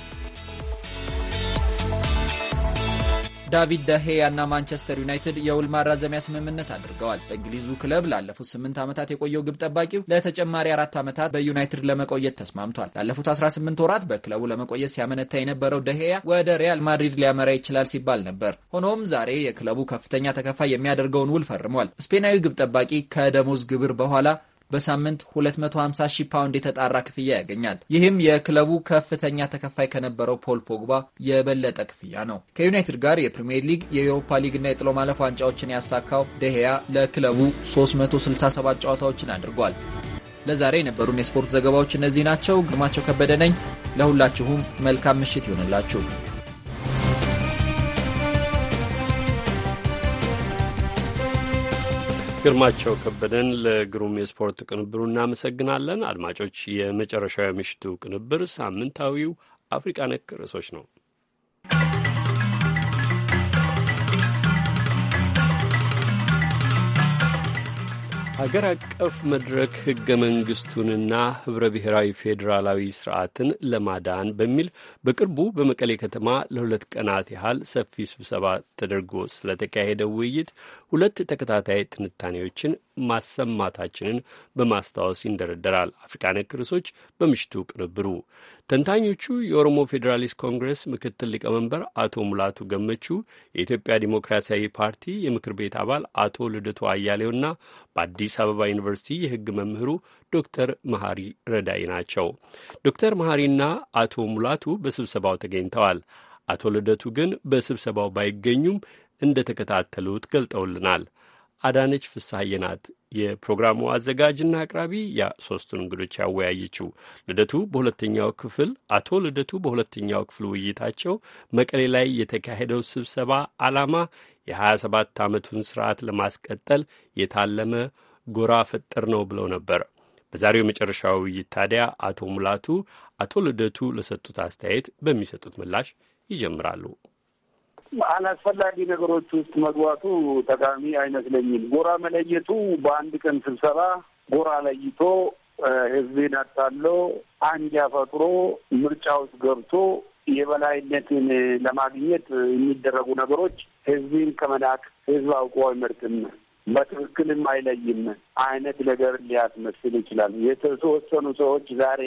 ዳቪድ ደሄያ እና ማንቸስተር ዩናይትድ የውል ማራዘሚያ ስምምነት አድርገዋል። በእንግሊዙ ክለብ ላለፉት ስምንት ዓመታት የቆየው ግብ ጠባቂው ለተጨማሪ አራት ዓመታት በዩናይትድ ለመቆየት ተስማምቷል። ላለፉት 18 ወራት በክለቡ ለመቆየት ሲያመነታ የነበረው ደሄያ ወደ ሪያል ማድሪድ ሊያመራ ይችላል ሲባል ነበር። ሆኖም ዛሬ የክለቡ ከፍተኛ ተከፋይ የሚያደርገውን ውል ፈርሟል። ስፔናዊ ግብ ጠባቂ ከደሞዝ ግብር በኋላ በሳምንት 250 ሺህ ፓውንድ የተጣራ ክፍያ ያገኛል። ይህም የክለቡ ከፍተኛ ተከፋይ ከነበረው ፖል ፖግባ የበለጠ ክፍያ ነው። ከዩናይትድ ጋር የፕሪምየር ሊግ፣ ሊግ ና የጥሎ ማለፍ ዋንጫዎችን ያሳካው ደሄያ ለክለቡ 367 ጨዋታዎችን አድርጓል። ለዛሬ የነበሩን የስፖርት ዘገባዎች እነዚህ ናቸው። ግርማቸው ከበደ ነኝ። ለሁላችሁም መልካም ምሽት ይሆንላችሁ። ግርማቸው ከበደን ለግሩም የስፖርት ቅንብሩ እናመሰግናለን። አድማጮች፣ የመጨረሻው የምሽቱ ቅንብር ሳምንታዊው አፍሪቃ ነክ ርዕሶች ነው። ሀገር አቀፍ መድረክ ሕገ መንግሥቱንና ኅብረ ብሔራዊ ፌዴራላዊ ስርዓትን ለማዳን በሚል በቅርቡ በመቀሌ ከተማ ለሁለት ቀናት ያህል ሰፊ ስብሰባ ተደርጎ ስለተካሄደው ውይይት ሁለት ተከታታይ ትንታኔዎችን ማሰማታችንን በማስታወስ ይንደረደራል። አፍሪካ ነክ ርዕሶች በምሽቱ ቅንብሩ ተንታኞቹ የኦሮሞ ፌዴራሊስት ኮንግረስ ምክትል ሊቀመንበር አቶ ሙላቱ ገመቹ፣ የኢትዮጵያ ዲሞክራሲያዊ ፓርቲ የምክር ቤት አባል አቶ ልደቱ አያሌውና በአዲስ አበባ ዩኒቨርሲቲ የሕግ መምህሩ ዶክተር መሐሪ ረዳይ ናቸው። ዶክተር መሐሪና አቶ ሙላቱ በስብሰባው ተገኝተዋል። አቶ ልደቱ ግን በስብሰባው ባይገኙም እንደተከታተሉት ገልጠውልናል። አዳነች ፍስሐዬ ናት። የፕሮግራሙ አዘጋጅና አቅራቢ ሶስቱን እንግዶች ያወያየችው ልደቱ በሁለተኛው ክፍል አቶ ልደቱ በሁለተኛው ክፍል ውይይታቸው መቀሌ ላይ የተካሄደው ስብሰባ ዓላማ የ27 ዓመቱን ስርዓት ለማስቀጠል የታለመ ጎራ ፈጠር ነው ብለው ነበር። በዛሬው የመጨረሻ ውይይት ታዲያ አቶ ሙላቱ አቶ ልደቱ ለሰጡት አስተያየት በሚሰጡት ምላሽ ይጀምራሉ። አላስፈላጊ ነገሮች ውስጥ መግባቱ ጠቃሚ አይመስለኝም። ጎራ መለየቱ በአንድ ቀን ስብሰባ ጎራ ለይቶ ህዝብን አታሎ አንጃ ፈጥሮ ምርጫ ውስጥ ገብቶ የበላይነትን ለማግኘት የሚደረጉ ነገሮች ህዝብን ከመናቅ ህዝብ አውቆ አይመርጥም፣ በትክክልም አይለይም አይነት ነገር ሊያስመስል ይችላል። የተወሰኑ ሰዎች ዛሬ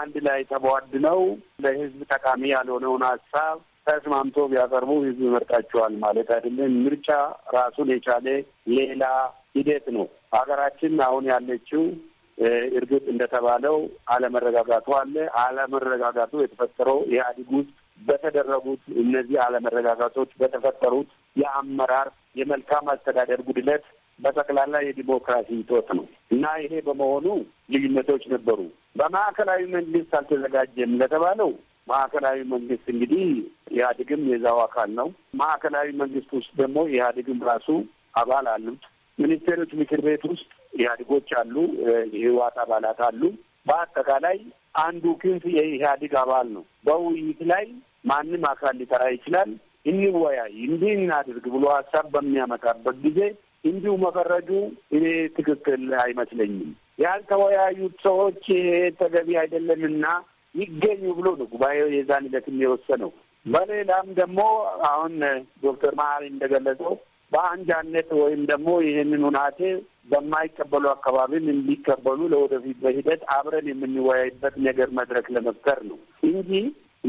አንድ ላይ ተቧድነው ለህዝብ ጠቃሚ ያልሆነውን ሀሳብ ተስማምቶ ቢያቀርቡ ህዝብ ይመርጣቸዋል ማለት አይደለም። ምርጫ ራሱን የቻለ ሌላ ሂደት ነው። ሀገራችን አሁን ያለችው እርግጥ እንደተባለው አለመረጋጋቱ አለ። አለመረጋጋቱ የተፈጠረው ኢህአዴግ ውስጥ በተደረጉት እነዚህ አለመረጋጋቶች በተፈጠሩት የአመራር የመልካም አስተዳደር ጉድለት በጠቅላላ የዲሞክራሲ እጦት ነው እና ይሄ በመሆኑ ልዩነቶች ነበሩ። በማዕከላዊ መንግስት አልተዘጋጀም ለተባለው ማዕከላዊ መንግስት እንግዲህ ኢህአዴግም የዛው አካል ነው። ማዕከላዊ መንግስት ውስጥ ደግሞ ኢህአዴግም ራሱ አባል አሉ። ሚኒስቴሮች ምክር ቤት ውስጥ ኢህአዴጎች አሉ፣ የህወሓት አባላት አሉ። በአጠቃላይ አንዱ ክንፍ የኢህአዴግ አባል ነው። በውይይት ላይ ማንም አካል ሊጠራ ይችላል። እንወያይ፣ እንዲህ እናድርግ ብሎ ሀሳብ በሚያመጣበት ጊዜ እንዲሁ መፈረጁ እኔ ትክክል አይመስለኝም። ያልተወያዩት ሰዎች ይሄ ተገቢ አይደለምና ይገኙ ብሎ ነው ጉባኤው የዛን ዕለት የወሰነው። በሌላም ደግሞ አሁን ዶክተር መሀሪ እንደገለጸው በአንጃነት ወይም ደግሞ ይህንን ሁናቴ በማይቀበሉ አካባቢም እንዲቀበሉ ለወደፊት በሂደት አብረን የምንወያይበት ነገር መድረክ ለመፍጠር ነው እንጂ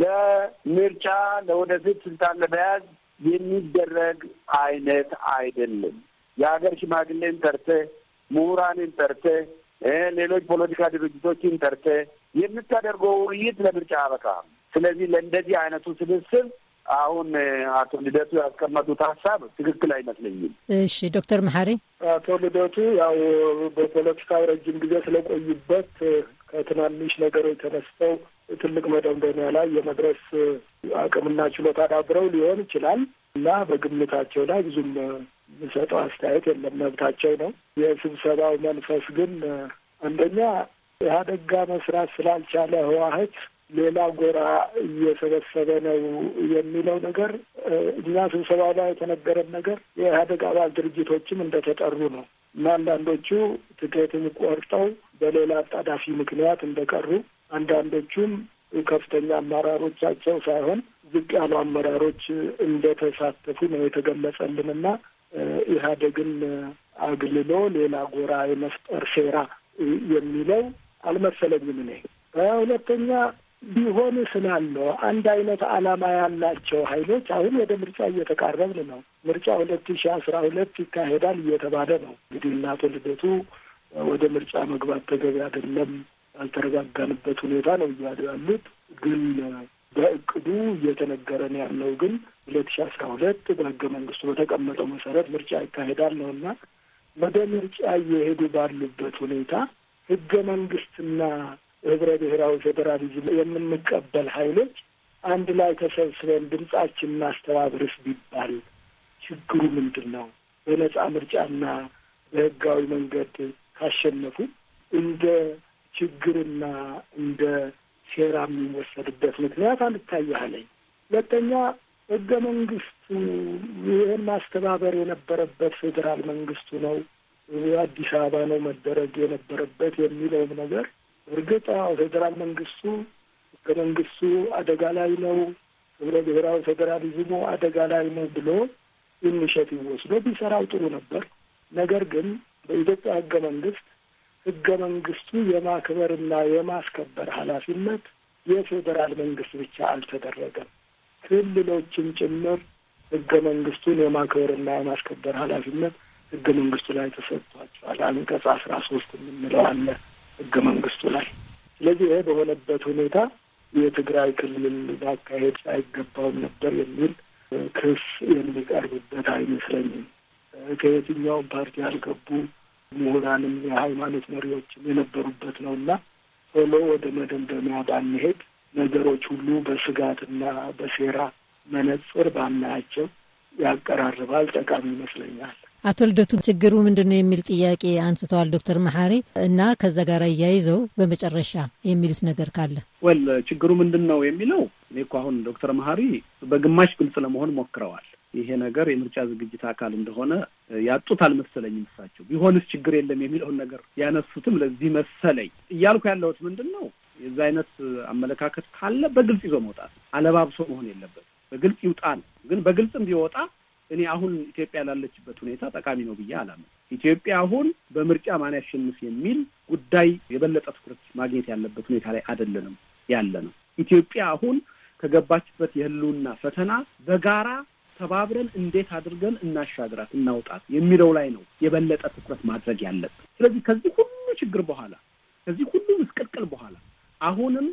ለምርጫ ለወደፊት ስልጣን ለመያዝ የሚደረግ አይነት አይደለም። የሀገር ሽማግሌን ጠርተ፣ ምሁራንን ጠርተ፣ ሌሎች ፖለቲካ ድርጅቶችን ጠርተ የምታደርገው ውይይት ለምርጫ አበቃ። ስለዚህ ለእንደዚህ አይነቱ ስብስብ አሁን አቶ ልደቱ ያስቀመጡት ሀሳብ ትክክል አይመስለኝም። እሺ ዶክተር መሐሪ አቶ ልደቱ ያው በፖለቲካው ረጅም ጊዜ ስለቆዩበት ከትናንሽ ነገሮች ተነስተው ትልቅ መደምደሚያ ላይ የመድረስ አቅምና ችሎታ ዳብረው ሊሆን ይችላል እና በግምታቸው ላይ ብዙም የምሰጠው አስተያየት የለም። መብታቸው ነው። የስብሰባው መንፈስ ግን አንደኛ ኢህአዴግ ጋር መስራት ስላልቻለ ህዋህት ሌላ ጎራ እየሰበሰበ ነው የሚለው ነገር እኛ ስብሰባ ላይ የተነገረን ነገር የኢህአዴግ አባል ድርጅቶችም እንደተጠሩ ነው እና አንዳንዶቹ ትኬትን ቆርጠው በሌላ አጣዳፊ ምክንያት እንደቀሩ አንዳንዶቹም ከፍተኛ አመራሮቻቸው ሳይሆን ዝቅ ያሉ አመራሮች እንደተሳተፉ ነው የተገለጸልንና ኢህአዴግን አግልሎ ሌላ ጎራ የመፍጠር ሴራ የሚለው አልመሰለኝም። እኔ ሁለተኛ ቢሆን ስላለው አንድ አይነት ዓላማ ያላቸው ኃይሎች አሁን ወደ ምርጫ እየተቃረብን ነው። ምርጫ ሁለት ሺህ አስራ ሁለት ይካሄዳል እየተባለ ነው። እንግዲህ እና ልደቱ ወደ ምርጫ መግባት ተገቢ አይደለም፣ ያልተረጋጋንበት ሁኔታ ነው እያሉ ያሉት ግን በእቅዱ እየተነገረን ያለው ግን ሁለት ሺህ አስራ ሁለት በህገ መንግስቱ በተቀመጠው መሰረት ምርጫ ይካሄዳል ነው እና ወደ ምርጫ እየሄዱ ባሉበት ሁኔታ ህገ መንግስትና ህብረ ብሔራዊ ፌዴራሊዝም የምንቀበል ሀይሎች አንድ ላይ ተሰብስበን ድምጻችን እናስተባብርስ ቢባል ችግሩ ምንድን ነው? በነጻ ምርጫና በህጋዊ መንገድ ካሸነፉ እንደ ችግርና እንደ ሴራ የሚወሰድበት ምክንያት አንታያለኝ። ሁለተኛ ህገ መንግስቱ ይህን ማስተባበር የነበረበት ፌዴራል መንግስቱ ነው አዲስ አበባ ነው መደረግ የነበረበት የሚለውም ነገር እርግጥ ፌዴራል መንግስቱ ህገ መንግስቱ አደጋ ላይ ነው፣ ህብረ ብሔራዊ ፌዴራሊዝሙ አደጋ ላይ ነው ብሎ ኢኒሽቲቭ ወስዶ ቢሰራው ጥሩ ነበር። ነገር ግን በኢትዮጵያ ህገ መንግስት ህገ መንግስቱ የማክበርና የማስከበር ኃላፊነት የፌዴራል መንግስት ብቻ አልተደረገም። ክልሎችም ጭምር ህገ መንግስቱን የማክበርና የማስከበር ኃላፊነት ህገ መንግስቱ ላይ ተሰጥቷቸዋል። አንቀጽ አስራ ሶስት የምንለው አለ ህገ መንግስቱ ላይ። ስለዚህ ይሄ በሆነበት ሁኔታ የትግራይ ክልል ማካሄድ አይገባውም ነበር የሚል ክስ የሚቀርብበት አይመስለኝም። ከየትኛውም ፓርቲ ያልገቡ ምሁራንም የሃይማኖት መሪዎችም የነበሩበት ነው እና ቶሎ ወደ መደምደሚያ ባንሄድ ነገሮች ሁሉ በስጋትና በሴራ መነጽር ባናያቸው ያቀራርባል፣ ጠቃሚ ይመስለኛል። አቶ ልደቱ ችግሩ ምንድን ነው የሚል ጥያቄ አንስተዋል ዶክተር መሐሪ እና ከዛ ጋር እያይዘው በመጨረሻ የሚሉት ነገር ካለ ወል ችግሩ ምንድን ነው የሚለው እኔ እኮ አሁን ዶክተር መሐሪ በግማሽ ግልጽ ለመሆን ሞክረዋል። ይሄ ነገር የምርጫ ዝግጅት አካል እንደሆነ ያጡት አልመሰለኝም። እሳቸው ቢሆንስ ችግር የለም የሚለውን ነገር ያነሱትም ለዚህ መሰለኝ። እያልኩ ያለሁት ምንድን ነው የዛ አይነት አመለካከት ካለ በግልጽ ይዞ መውጣት አለባብሶ መሆን የለበት። በግልጽ ይውጣ ነው። ግን በግልጽም ቢወጣ እኔ አሁን ኢትዮጵያ ላለችበት ሁኔታ ጠቃሚ ነው ብዬ አላምን። ኢትዮጵያ አሁን በምርጫ ማን ያሸንፍ የሚል ጉዳይ የበለጠ ትኩረት ማግኘት ያለበት ሁኔታ ላይ አይደለንም ያለ ነው። ኢትዮጵያ አሁን ከገባችበት የህልውና ፈተና በጋራ ተባብረን እንዴት አድርገን እናሻግራት እናውጣት የሚለው ላይ ነው የበለጠ ትኩረት ማድረግ ያለብን። ስለዚህ ከዚህ ሁሉ ችግር በኋላ ከዚህ ሁሉ ምስቅልቅል በኋላ አሁንም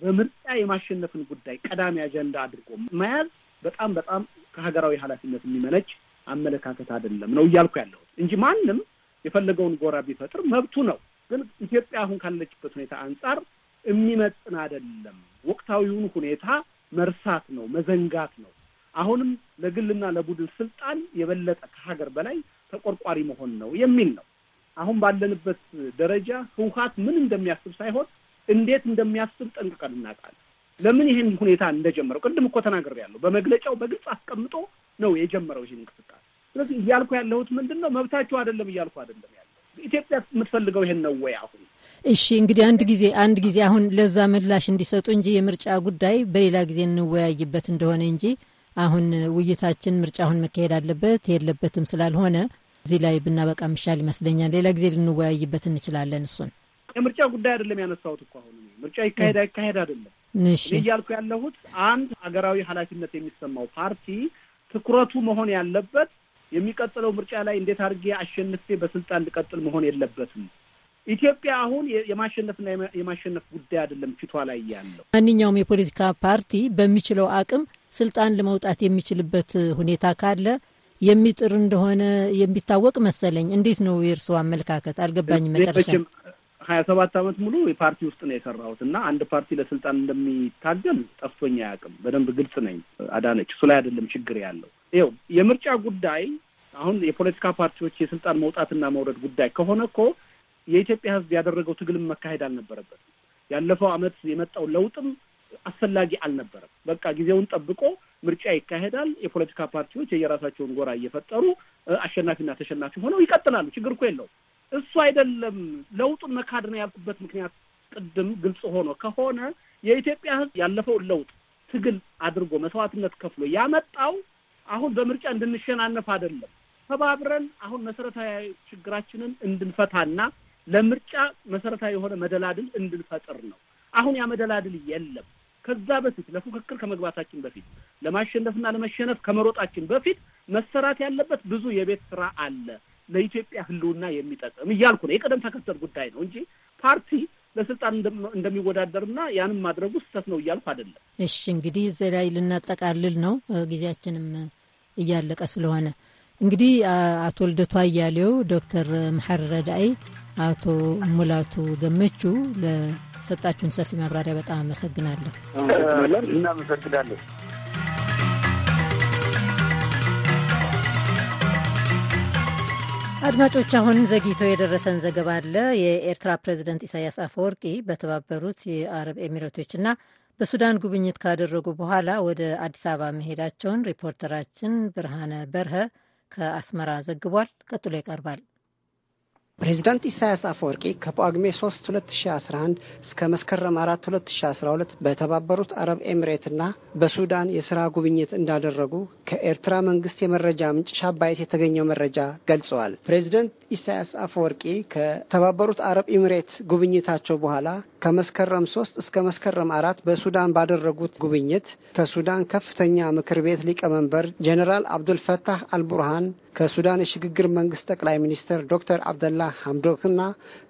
በምርጫ የማሸነፍን ጉዳይ ቀዳሚ አጀንዳ አድርጎ መያዝ በጣም በጣም ከሀገራዊ ኃላፊነት የሚመነጭ አመለካከት አይደለም ነው እያልኩ ያለሁት እንጂ ማንም የፈለገውን ጎራ ቢፈጥር መብቱ ነው። ግን ኢትዮጵያ አሁን ካለችበት ሁኔታ አንጻር የሚመጥን አይደለም። ወቅታዊውን ሁኔታ መርሳት ነው፣ መዘንጋት ነው። አሁንም ለግልና ለቡድን ስልጣን የበለጠ ከሀገር በላይ ተቆርቋሪ መሆን ነው የሚል ነው። አሁን ባለንበት ደረጃ ህውሀት ምን እንደሚያስብ ሳይሆን እንዴት እንደሚያስብ ጠንቅቀን እናውቃለን። ለምን ይህን ሁኔታ እንደጀመረው ቅድም እኮ ያለው በመግለጫው በግልጽ አስቀምጦ ነው የጀመረው ይህን እንቅስቃሴ። ስለዚህ እያልኩ ያለሁት ምንድን ነው አይደለም እያልኩ አይደለም ያለው ኢትዮጵያ የምትፈልገው ይሄን ነው ወይ? አሁን እሺ፣ እንግዲህ አንድ ጊዜ አንድ ጊዜ አሁን ለዛ ምላሽ እንዲሰጡ እንጂ የምርጫ ጉዳይ በሌላ ጊዜ እንወያይበት እንደሆነ እንጂ አሁን ውይይታችን ምርጫውን መካሄድ አለበት የለበትም ስላልሆነ እዚህ ላይ ብናበቃ ምሻል ይመስለኛል። ሌላ ጊዜ ልንወያይበት እንችላለን። እሱን የምርጫ ጉዳይ አይደለም ያነሳሁት እኮ አሁን ምርጫ ይካሄድ አይካሄድ አይደለም እያልኩ ያለሁት አንድ ሀገራዊ ኃላፊነት የሚሰማው ፓርቲ ትኩረቱ መሆን ያለበት የሚቀጥለው ምርጫ ላይ እንዴት አድርጌ አሸንፌ በስልጣን ልቀጥል መሆን የለበትም። ኢትዮጵያ አሁን የማሸነፍና የማሸነፍ ጉዳይ አይደለም ፊቷ ላይ ያለው። ማንኛውም የፖለቲካ ፓርቲ በሚችለው አቅም ስልጣን ለመውጣት የሚችልበት ሁኔታ ካለ የሚጥር እንደሆነ የሚታወቅ መሰለኝ። እንዴት ነው የእርስዎ አመለካከት? አልገባኝም መጨረሻ ሀያ ሰባት አመት ሙሉ የፓርቲ ውስጥ ነው የሰራሁት እና አንድ ፓርቲ ለስልጣን እንደሚታገል ጠፍቶኝ አያውቅም። በደንብ ግልጽ ነኝ። አዳነች፣ እሱ ላይ አይደለም ችግር ያለው። ይኸው የምርጫ ጉዳይ አሁን የፖለቲካ ፓርቲዎች የስልጣን መውጣትና መውረድ ጉዳይ ከሆነ እኮ የኢትዮጵያ ሕዝብ ያደረገው ትግልም መካሄድ አልነበረበትም። ያለፈው አመት የመጣው ለውጥም አስፈላጊ አልነበረም። በቃ ጊዜውን ጠብቆ ምርጫ ይካሄዳል። የፖለቲካ ፓርቲዎች የየራሳቸውን ጎራ እየፈጠሩ አሸናፊና ተሸናፊ ሆነው ይቀጥላሉ። ችግር እኮ የለውም። እሱ አይደለም ለውጥ መካድ ነው ያልኩበት ምክንያት ቅድም ግልጽ ሆኖ ከሆነ የኢትዮጵያ ሕዝብ ያለፈውን ለውጥ ትግል አድርጎ መስዋዕትነት ከፍሎ ያመጣው አሁን በምርጫ እንድንሸናነፍ አይደለም። ተባብረን አሁን መሰረታዊ ችግራችንን እንድንፈታና ለምርጫ መሰረታዊ የሆነ መደላድል እንድንፈጥር ነው። አሁን ያ መደላድል የለም። ከዛ በፊት ለፉክክር ከመግባታችን በፊት ለማሸነፍና ለመሸነፍ ከመሮጣችን በፊት መሰራት ያለበት ብዙ የቤት ስራ አለ። ለኢትዮጵያ ሕልውና የሚጠቅም እያልኩ ነው። የቅደም ተከተል ጉዳይ ነው እንጂ ፓርቲ ለስልጣን እንደሚወዳደርና ያንም ማድረጉ ስህተት ነው እያልኩ አይደለም። እሺ እንግዲህ እዚህ ላይ ልናጠቃልል ነው፣ ጊዜያችንም እያለቀ ስለሆነ እንግዲህ አቶ ልደቱ አያሌው፣ ዶክተር መሐር ረዳኢ፣ አቶ ሙላቱ ገመቹ ለሰጣችሁን ሰፊ ማብራሪያ በጣም አመሰግናለሁ። እናመሰግናለን። አድማጮች አሁን ዘግይቶ የደረሰን ዘገባ አለ። የኤርትራ ፕሬዚደንት ኢሳያስ አፈወርቂ በተባበሩት የአረብ ኤሚሬቶችና በሱዳን ጉብኝት ካደረጉ በኋላ ወደ አዲስ አበባ መሄዳቸውን ሪፖርተራችን ብርሃነ በርሀ ከአስመራ ዘግቧል። ቀጥሎ ይቀርባል። ፕሬዚዳንት ኢሳያስ አፈወርቂ ከጳጉሜ 3 2011 እስከ መስከረም 4 2012 በተባበሩት አረብ ኤሚሬትና በሱዳን የስራ ጉብኝት እንዳደረጉ ከኤርትራ መንግስት የመረጃ ምንጭ ሻባይት የተገኘው መረጃ ገልጸዋል። ፕሬዚደንት ኢሳያስ አፈወርቂ ከተባበሩት አረብ ኤምሬት ጉብኝታቸው በኋላ ከመስከረም 3 እስከ መስከረም 4 በሱዳን ባደረጉት ጉብኝት ከሱዳን ከፍተኛ ምክር ቤት ሊቀመንበር ጀኔራል አብዱልፈታህ አልቡርሃን ከሱዳን የሽግግር መንግስት ጠቅላይ ሚኒስትር ዶክተር አብደላ ሐምዶክና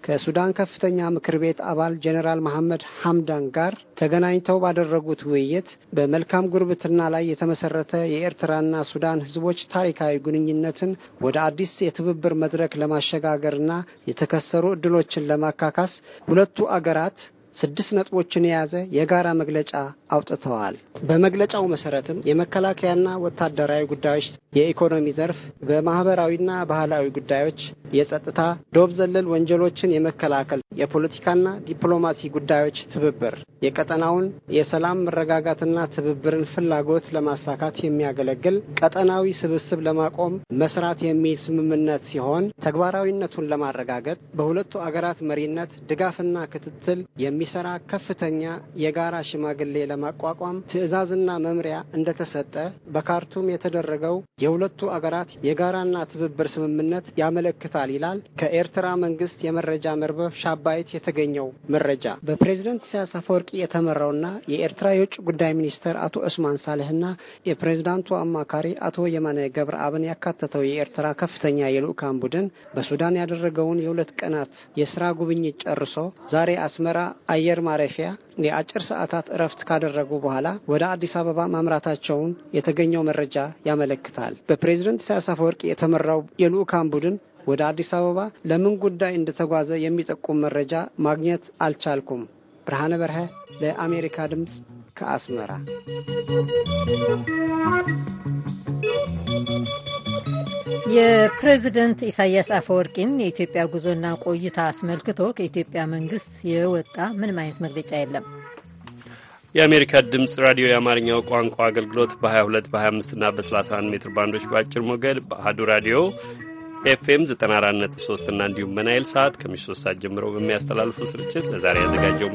ከሱዳን ከፍተኛ ምክር ቤት አባል ጀኔራል መሐመድ ሐምዳን ጋር ተገናኝተው ባደረጉት ውይይት በመልካም ጉርብትና ላይ የተመሰረተ የኤርትራና ሱዳን ህዝቦች ታሪካዊ ግንኙነትን ወደ አዲስ የትብብር መድረክ ለማሸጋገርና የተከሰሩ እድሎችን ለማካካስ ሁለቱ አገራት ስድስት ነጥቦችን የያዘ የጋራ መግለጫ አውጥተዋል። በመግለጫው መሰረትም የመከላከያና ወታደራዊ ጉዳዮች፣ የኢኮኖሚ ዘርፍ፣ በማህበራዊና ባህላዊ ጉዳዮች፣ የጸጥታ፣ ዶብ ዘለል ወንጀሎችን የመከላከል የፖለቲካና ዲፕሎማሲ ጉዳዮች ትብብር፣ የቀጠናውን የሰላም መረጋጋትና ትብብርን ፍላጎት ለማሳካት የሚያገለግል ቀጠናዊ ስብስብ ለማቆም መስራት የሚል ስምምነት ሲሆን ተግባራዊነቱን ለማረጋገጥ በሁለቱ አገራት መሪነት ድጋፍና ክትትል የሚ የሚሰራ ከፍተኛ የጋራ ሽማግሌ ለማቋቋም ትዕዛዝና መምሪያ እንደተሰጠ በካርቱም የተደረገው የሁለቱ አገራት የጋራና ትብብር ስምምነት ያመለክታል ይላል ከኤርትራ መንግስት የመረጃ መርበብ ሻባይት የተገኘው መረጃ። በፕሬዝደንት ኢሳያስ አፈወርቂ የተመራውና የኤርትራ የውጭ ጉዳይ ሚኒስተር አቶ ዑስማን ሳልህና የፕሬዝዳንቱ አማካሪ አቶ የማነ ገብረአብን ያካተተው የኤርትራ ከፍተኛ የልኡካን ቡድን በሱዳን ያደረገውን የሁለት ቀናት የስራ ጉብኝት ጨርሶ ዛሬ አስመራ አየር ማረፊያ የአጭር ሰዓታት እረፍት ካደረጉ በኋላ ወደ አዲስ አበባ ማምራታቸውን የተገኘው መረጃ ያመለክታል። በፕሬዝደንት ኢሳያስ አፈወርቅ የተመራው የልዑካን ቡድን ወደ አዲስ አበባ ለምን ጉዳይ እንደተጓዘ የሚጠቁም መረጃ ማግኘት አልቻልኩም። ብርሃነ በርሀ ለአሜሪካ ድምፅ ከአስመራ የፕሬዝደንት ኢሳያስ አፈወርቂን የኢትዮጵያ ጉዞና ቆይታ አስመልክቶ ከኢትዮጵያ መንግስት የወጣ ምንም አይነት መግለጫ የለም። የአሜሪካ ድምፅ ራዲዮ የአማርኛው ቋንቋ አገልግሎት በ22 በ25 እና በ31 ሜትር ባንዶች በአጭር ሞገድ በአህዱ ራዲዮ ኤፍኤም 94.3 እና እንዲሁም በናይል ሰዓት ከምሽቱ 3 ሰዓት ጀምሮ በሚያስተላልፈው ስርጭት ለዛሬ ያዘጋጀው